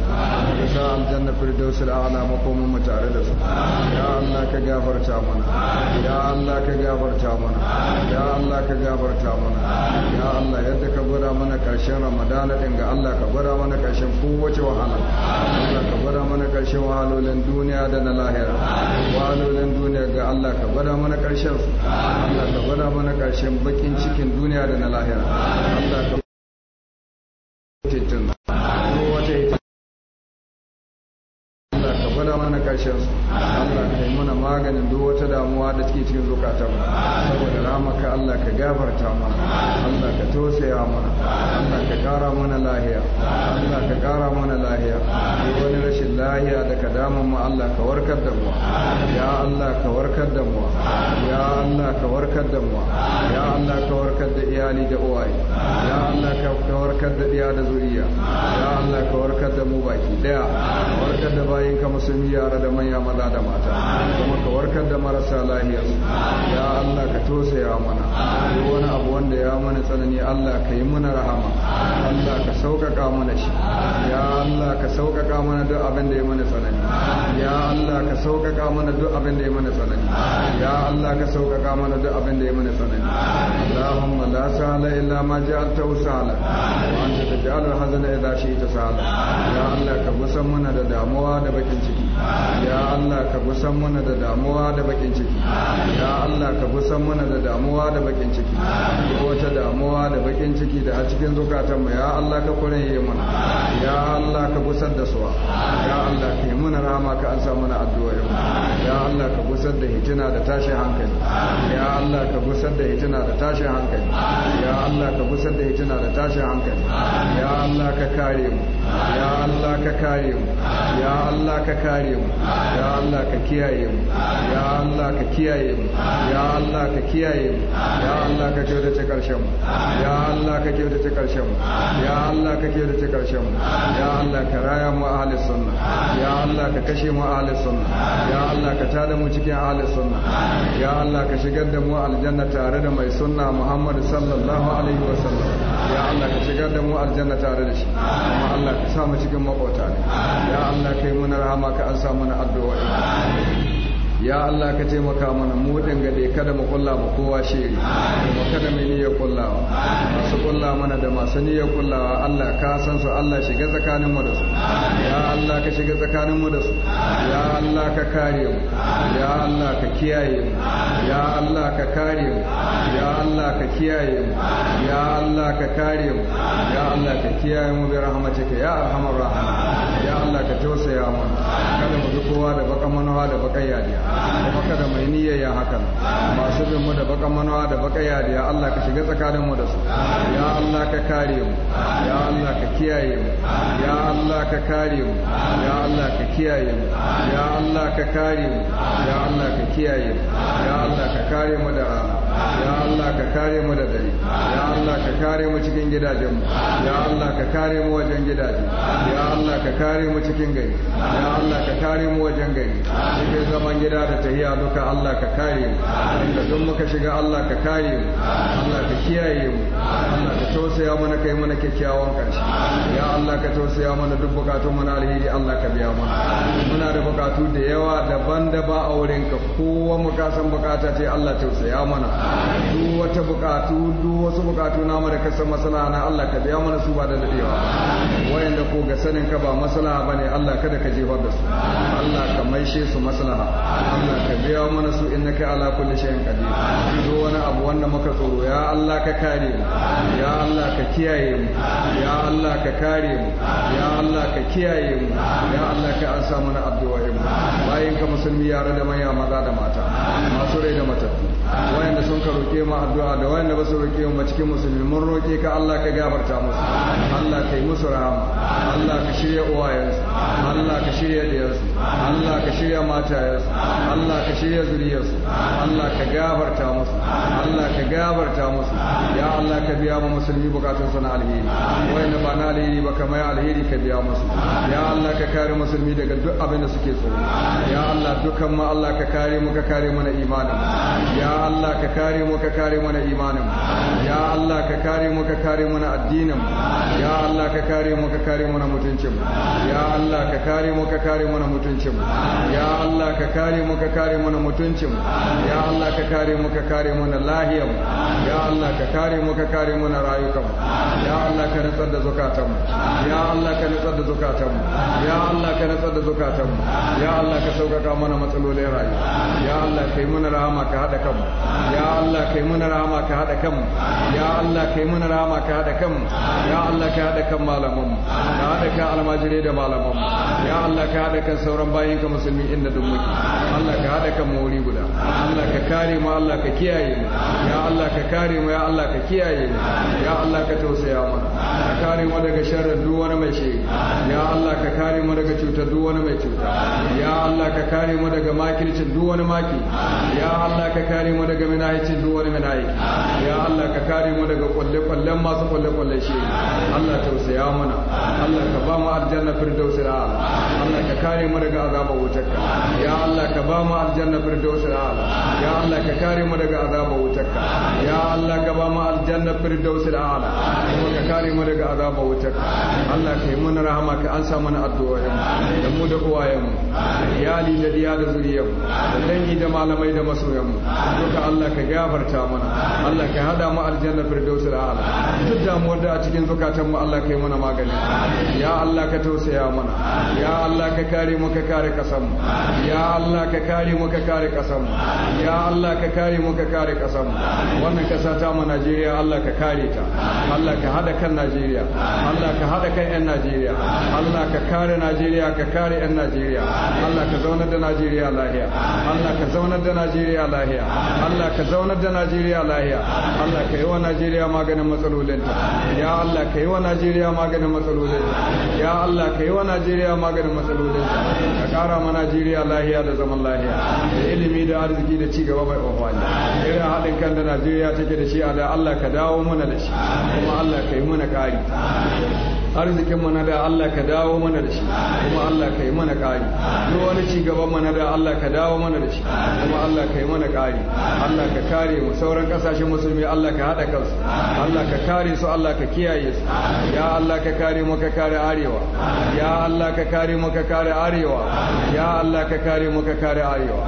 ka sa aljanna firdausul a'la makomin mu tare da su ya Allah ka gafarta mana ya Allah ka gafarta mana ya Allah ka gafarta mana ya Allah yadda ka gwada mana karshen ramadana din ga Allah ka gwada mana karshen kowace wahala Allah ka gwada mana karshen wahalolin duniya da na lahira wahalolin duniya ga Allah ka gwada mana karshen su Allah ka gwada mana karshen bakin cikin duniya da na lahira Allah ka ƙarshen su Allah ka yi mana maganin duk wata damuwa da take cikin zukatan saboda taimaka maka Allah ka gafarta mana Allah ka tosaya mana Allah ka kara mana lahiya Allah ka kara mana lahiya wani rashin lahiya da ka dama mu Allah ka warkar da mu ya Allah ka warkar da mu ya Allah ka warkar da mu ya Allah ka warkar da iyali da uwaye ya Allah ka warkar da iya da zuriya ya Allah ka warkar da mu baki daya warkar da bayin ka musulmi yara da manya maza da mata kuma ka warkar da marasa lahiya ya Allah ka tosaya yawa mana duk wani abu wanda ya mana tsanani Allah ka yi mana rahama Allah ka sauƙaƙa mana shi ya Allah ka sauƙaƙa mana duk abin da ya mana tsanani ya Allah ka sauƙaƙa mana duk abin da ya mana tsanani ya Allah ka sauƙaƙa mana duk abin da ya mana tsanani Allahumma la sahla illa ma ja'alta sahla wa anta taj'alu al-hazana idha shi'ta sahla ya Allah ka gusan mana da damuwa da bakin ciki ya Allah ka gusan mana da damuwa da bakin ciki ya Allah ka gusan mana da damuwa da bakin ciki ko wata damuwa da bakin ciki da a cikin zukatanmu ya Allah ka kurenye mana ya Allah ka busar da suwa ya Allah ka yi muna rama ka an samu na addu'a ya Allah ka busar da hijina da tashi hankali ya Allah ka busar da hijina da tashi hankali ya Allah ka busar da hijina da tashi hankali ya Allah ka kare mu ya Allah ka kare mu ya Allah ka kare mu ya Allah ka kiyaye mu ya Allah ka kiyaye mu ya Allah ka kiyaye ya Allah ka kyautace karshen mu ya Allah ka kyautace karshen mu ya Allah ka kyautace karshen ya Allah ka raya mu ahli sunna ya Allah ka kashe mu ahli sunna ya Allah ka tada mu cikin ahli sunna ya Allah ka shigar da mu aljanna tare da mai sunna Muhammad sallallahu alaihi wa sallam ya Allah ka shigar da mu aljanna tare da shi kuma Allah ka sa mu cikin makota ya Allah kai mu na rahama ka an sa mu na addu'a ya Allah ka taimaka mana mu dangade kada mu kulla mu kowa shiri kuma kada mu niyya kullawa masu kulla mana da masu niyya kullawa Allah ka san su Allah shiga tsakanin mu da su ya Allah ka shiga tsakanin mu da su ya Allah ka kare mu ya Allah ka kiyaye mu ya Allah ka kare mu ya Allah ka kiyaye mu ya Allah ka kare mu ya Allah ka kiyaye mu bi rahmatika ya arhamar rahimin ya Allah ka tausaya mu kada mu bi kowa da baka manawa da baka yadiya kuma kada mai niyya ya hakan masu bin mu da baka manawa da baka yadiya Allah ka shiga tsakanin mu da su ya Allah ka kare mu ya Allah ka kiyaye mu ya Allah ka kare mu ya Allah ka kiyaye mu ya Allah ka kare mu ya Allah ka kiyaye mu ya Allah ka kare mu da ya Allah ka kare mu da dare ya Allah ka kare mu cikin gidajen mu ya Allah ka kare mu wajen gidaje ya Allah ka kare mu cikin gari ya Allah ka kare mu wajen gari cikin zaman gida da tahiya duka Allah ka kare mu inda duk muka shiga Allah ka kare mu Allah ka kiyaye mu Allah ka tausaya mana kai mana kyakkyawan karshe ya Allah ka tausaya mana duk bukatun mu na alheri Allah ka biya mana muna da bukatu da yawa daban-daban a wurinka kowa mu kasan san bukata ce Allah tausaya mana duk wata bukatu duk wasu bukatu namu da kasan masala na Allah ka biya mana su ba da dadewa wayanda ko ga sanin ka ba masala bane Allah kada ka jefar da su Allah ka maishe su maslaha Allah ka biya mana su innaka ala kulli shay'in qadir duk wani abu wanda muka tsoro ya Allah ka kare mu ya Allah ka kiyaye mu ya Allah ka kare mu ya Allah ka kiyaye mu ya Allah ka ansa mana addu'a mu bayan ka musulmi yare da manya maza da mata masu rai da matattu wayanda sun ka roƙe mu addu'a da wayanda ba su roƙe mu cikin musulmi mun roƙe ka Allah ka gafarta musu Allah ka yi musu rahama Allah ka shirya uwayensu Allah ka shirya diyarsu Allah ka shirya matayensu Allah ka shirya zuriyarsu Allah ka gafarta musu Allah ka gafarta musu ya Allah ka biya mu musulmi bukatun sana alheri wayanda ba na alheri ba kamar alheri ka biya musu ya Allah ka kare musulmi daga duk abin da suke tsoro ya Allah dukan ma Allah ka kare mu ka kare mana imanin ya ya Allah ka kare mu ka kare mana imanin ya Allah ka kare mu ka kare mana addinin ya Allah ka kare mu ka kare mana mutuncin ya Allah ka kare mu ka kare mana mutuncin ya Allah ka kare mu ka kare mana mutuncin ya Allah ka kare mu ka kare mana mu ya Allah ka kare mu ka kare mana rayukan ya Allah ka nutsar da mu ya Allah ka nutsar da mu ya Allah ka nutsar da mu ya Allah ka sauƙaƙa mana matsalolin rayuwa ya Allah kai mana rahama ka haɗa kanmu ya Allah kai mana rama ka haɗa kanmu ya Allah kai mana rama ka haɗa kanmu ya Allah ka haɗa kan malaman mu ka haɗa kan almajirai da malaman mu ya Allah ka haɗa kan sauran bayin ka musulmi inda duk muke Allah ka haɗa kan mu wuri guda Allah ka kare mu Allah ka kiyaye mu ya Allah ka kare mu ya Allah ka kiyaye mu ya Allah ka tausaya mu. ka kare mu daga sharrin duk wani mai shi ya Allah ka kare mu daga cutar duk wani mai cuta ya Allah ka kare mu daga makircin duk wani maki ya Allah ka kare mu mu daga minayacin duk wani ya Allah ka kare mu daga kwalle-kwallen masu kwalle kwallen shi Allah ya mana Allah ka ba mu aljanna firdausi da Allah ka kare mu daga azabar wutarka ya Allah ka ba mu aljanna firdausi da ya Allah ka kare mu daga azabar wutarka ya Allah ka ba mu aljanna firdausi da kuma ka kare mu daga azabar wutarka Allah ka yi mana rahama ka ansa mana addu'o'in da mu da uwayen mu iyali da diya da zuriyar mu da dangi da malamai da masoyan mu roƙonka Allah ka gafarta mana Allah ka hada mu aljanna firdausi da ala duk damuwar da a cikin zukatan mu Allah ka yi mana magani ya Allah ka tausaya mana ya Allah ka kare mu ka kare kasan mu ya Allah ka kare mu ka kare kasan mu ya Allah ka kare mu ka kare kasan mu wannan kasa ta mu Najeriya Allah ka kare ta Allah ka hada kan Najeriya Allah ka hada kan yan Najeriya Allah ka kare Najeriya ka kare yan Najeriya Allah ka zaunar da Najeriya lahiya Allah ka zaunar da Najeriya lahiya Allah ka zaunar da Najeriya lahiya Allah ka yi wa Najeriya maganin matsalolinta ya Allah ka yi wa Najeriya maganin matsalolinta ya Allah ka yi wa Najeriya maganin matsalolinta ka kara ma Najeriya lahiya da zaman lahiya da ilimi da arziki da cigaba mai amfani irin haɗin kan da Najeriya take da shi da Allah ka dawo mana da shi kuma Allah ka yi mana kari arzikin mana da Allah ka dawo mana da shi kuma Allah ka yi mana kari duk wani cigaban mana da Allah ka dawo mana da shi kuma Allah ka yi mana kari Allah ka kare mu sauran kasashen musulmi Allah ka haɗa kansu Allah ka kare su Allah ka kiyaye su ya Allah ka kare mu ka kare arewa ya Allah ka kare mu ka kare arewa ya Allah ka kare mu ka kare arewa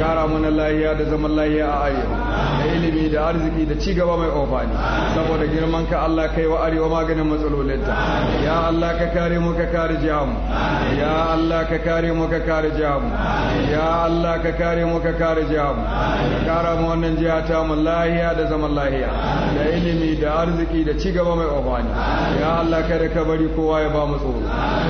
kara mana lafiya da zaman lafiya a arewa da ilimi da arziki da ci gaba mai amfani saboda girman ka Allah kai wa arewa maganin matsalolinta ya Allah ka kare mu ka kare jamu ya Allah ka kare mu ka kare jamu ya Allah ka kare mu ka kare jamu ƙara mu wannan jiya ta mu lahiya da zaman lahiya da ilimi da arziki da ci gaba mai amfani ya Allah kada ka bari kowa ya ba mu tsoro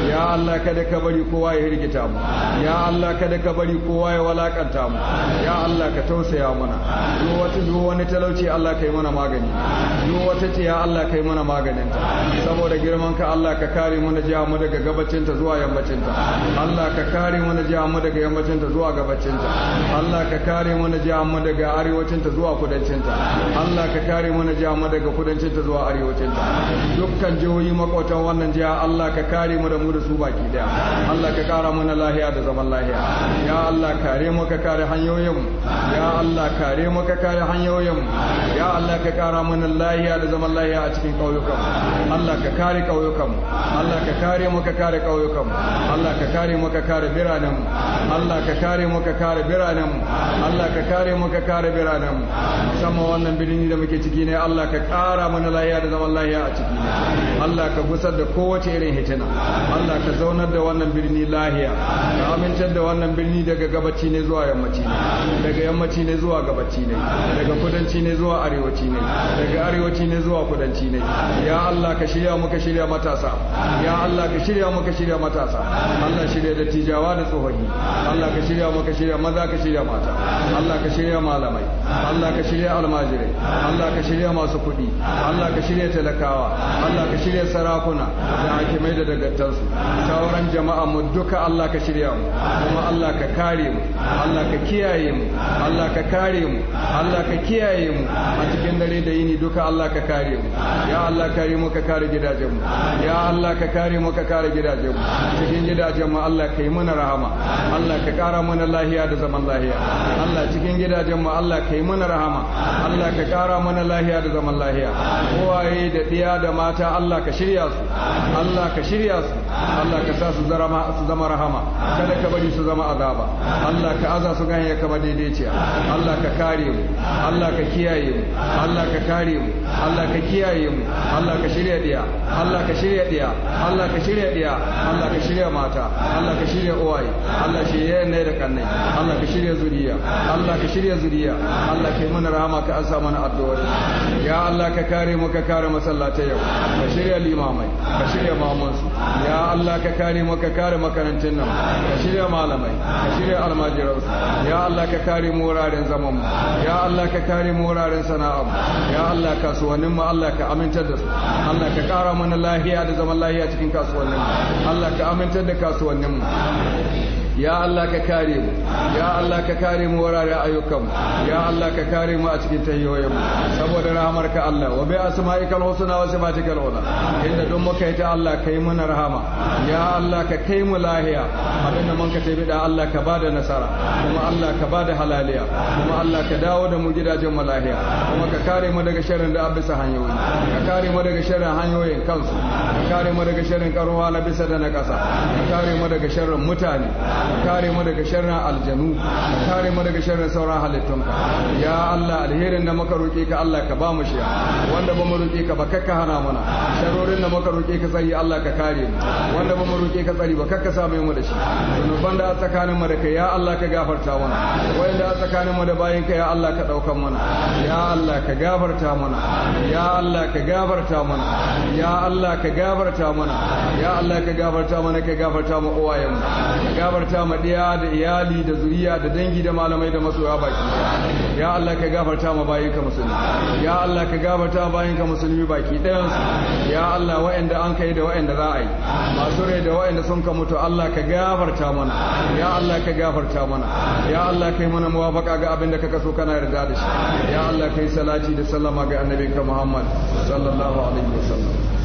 ya Allah kada ka bari kowa ya hirgita mu ya Allah kada ka bari kowa ya walakanta mu ya Allah ka tausaya mana duk wata duk wani talauci Allah kai mana magani duk wata ce ya Allah kai mana maganin ta saboda girman ka Allah ka kare mana jiya mu daga gabacin ta zuwa yammacin ta Allah ka kare mana jiya mu daga yammacin ta zuwa gabacin ta Allah ka kare mana jiya mu daga daga arewacinta zuwa kudancinta Allah ka kare mana jihar daga kudancinta zuwa arewacinta dukkan jihohi makwatan wannan jiha Allah ka kare mu da mu da su baki daya Allah ka kara mana lahiya da zaman lahiya ya Allah kare mu ka kare hanyoyin ya Allah kare mu ka kare hanyoyin ya Allah ka kara mana lahiya da zaman lahiya a cikin kauyukan Allah ka kare kauyukan Allah ka kare mu ka kare kauyukan Allah ka kare mu ka kare biranen Allah ka kare mu ka kare biranen Allah ka kare mu ka kare biranenmu musamman wannan birni da muke ciki ne Allah ka kara mana lahiya da zaman lahiya a ciki Allah ka gusar da kowace irin hitina Allah ka zaunar da wannan birni lahiya ka amincar da wannan birni daga gabaci ne zuwa yammaci ne daga yammaci ne zuwa gabaci ne daga kudanci ne zuwa arewaci ne daga arewaci ne zuwa kudanci ne ya Allah ka shirya muka shirya matasa ya Allah ka shirya muka shirya matasa Allah shirya da tijawa da tsohoni Allah ka shirya muka shirya maza ka shirya mata Allah ka shirya mata malamai Allah ka shirya almajirai Allah ka shirya masu kuɗi Allah ka shirya talakawa Allah ka shirya sarakuna da hakimai da dagatansu sauran jama'a mu duka Allah ka shirya mu kuma Allah ka kare mu Allah ka kiyaye mu Allah ka kare mu Allah ka kiyaye mu a cikin dare da yini duka Allah ka kare mu ya Allah kare mu ka kare gidajen mu ya Allah ka kare mu ka kare gidajen mu cikin gidajen mu Allah ka yi mana rahama Allah ka kara mana lahiya da zaman lahiya Allah cikin gidajen mu mu Allah ka yi mana rahama Allah ka ƙara mana lahiya da zaman lahiya kowaye da ɗiya da mata Allah ka shirya su Allah ka shirya su Allah ka sa su zama rahama kada ka bari su zama azaba Allah ka aza su ganye kama daidaiciya Allah ka kare mu Allah ka kiyaye mu Allah ka kare mu Allah ka kiyaye mu Allah ka shirya ɗiya Allah ka shirya ɗiya Allah ka shirya ɗiya Allah ka shirya mata Allah ka shirya uwaye Allah shirya ne da kannai Allah ka shirya zuriya Allah ka shirya zuriya saudiya Allah kai mana rahama ka ansa mana addu'o'i ya Allah ka kare mu ka kare masallatai yau ka shirya limamai ka shirya mamansu ya Allah ka kare mu ka kare makarantun nan ka shirya malamai ka shirya almajirai ya Allah ka kare mu wuraren zaman mu ya Allah ka kare mu wuraren sana'a mu ya Allah kasuwannin mu Allah ka aminta da su Allah ka kara mana lahiya da zaman lahiya cikin kasuwannin mu Allah ka aminta da kasuwannin mu ya Allah ka kare mu ya Allah ka kare mu warare ayyukan mu ya Allah ka kare mu a cikin tayoyin mu saboda rahamar ka Allah wa bi asma'ikal husna wa sifatikal ula inda duk muka yi ta Allah kai mu rahama ya Allah ka kai mu lahiya abinda mun ka tabi da Allah ka bada nasara kuma Allah ka bada halaliya kuma Allah ka dawo da mu gidajen mu lahiya kuma ka kare mu daga sharrin da abisa hanyoyi ka kare mu daga sharrin hanyoyin kansu ka kare mu daga sharrin karuwa na bisa da na kasa ka kare mu daga sharrin mutane kare mu daga sharrin aljanu kare mu daga sharrin sauran halittunka ya Allah alherin da muka roke ka Allah ka ba mu shi wanda ba mu roke ka ba kakka hana mana sharorin da muka roke ka tsari Allah ka kare mu wanda ba mu roke ka tsari ba kakka same mu da shi zunuban da a tsakanin mu da kai ya Allah ka gafarta mana wanda a tsakanin mu da bayin ka ya Allah ka daukan mana ya Allah ka gafarta mana ya Allah ka gafarta mana ya Allah ka gafarta mana ya Allah ka gafarta mana ka gafarta mu uwayen mu gafarta gafarta ma ɗaya da iyali da zuriya da dangi da malamai da masoya baki ya Allah ka gafarta ma bayinka musulmi ya Allah ka gafarta ma bayinka musulmi baki su ya Allah wa'anda an kai da wa'anda za a yi masu rai da wa'anda sun ka mutu Allah ka gafarta mana ya Allah ka gafarta mana ya Allah kai mana muwafaka ga abin da kaka so kana yarda da shi ya Allah kai salati da sallama ga annabinka Muhammad sallallahu alaihi wasallam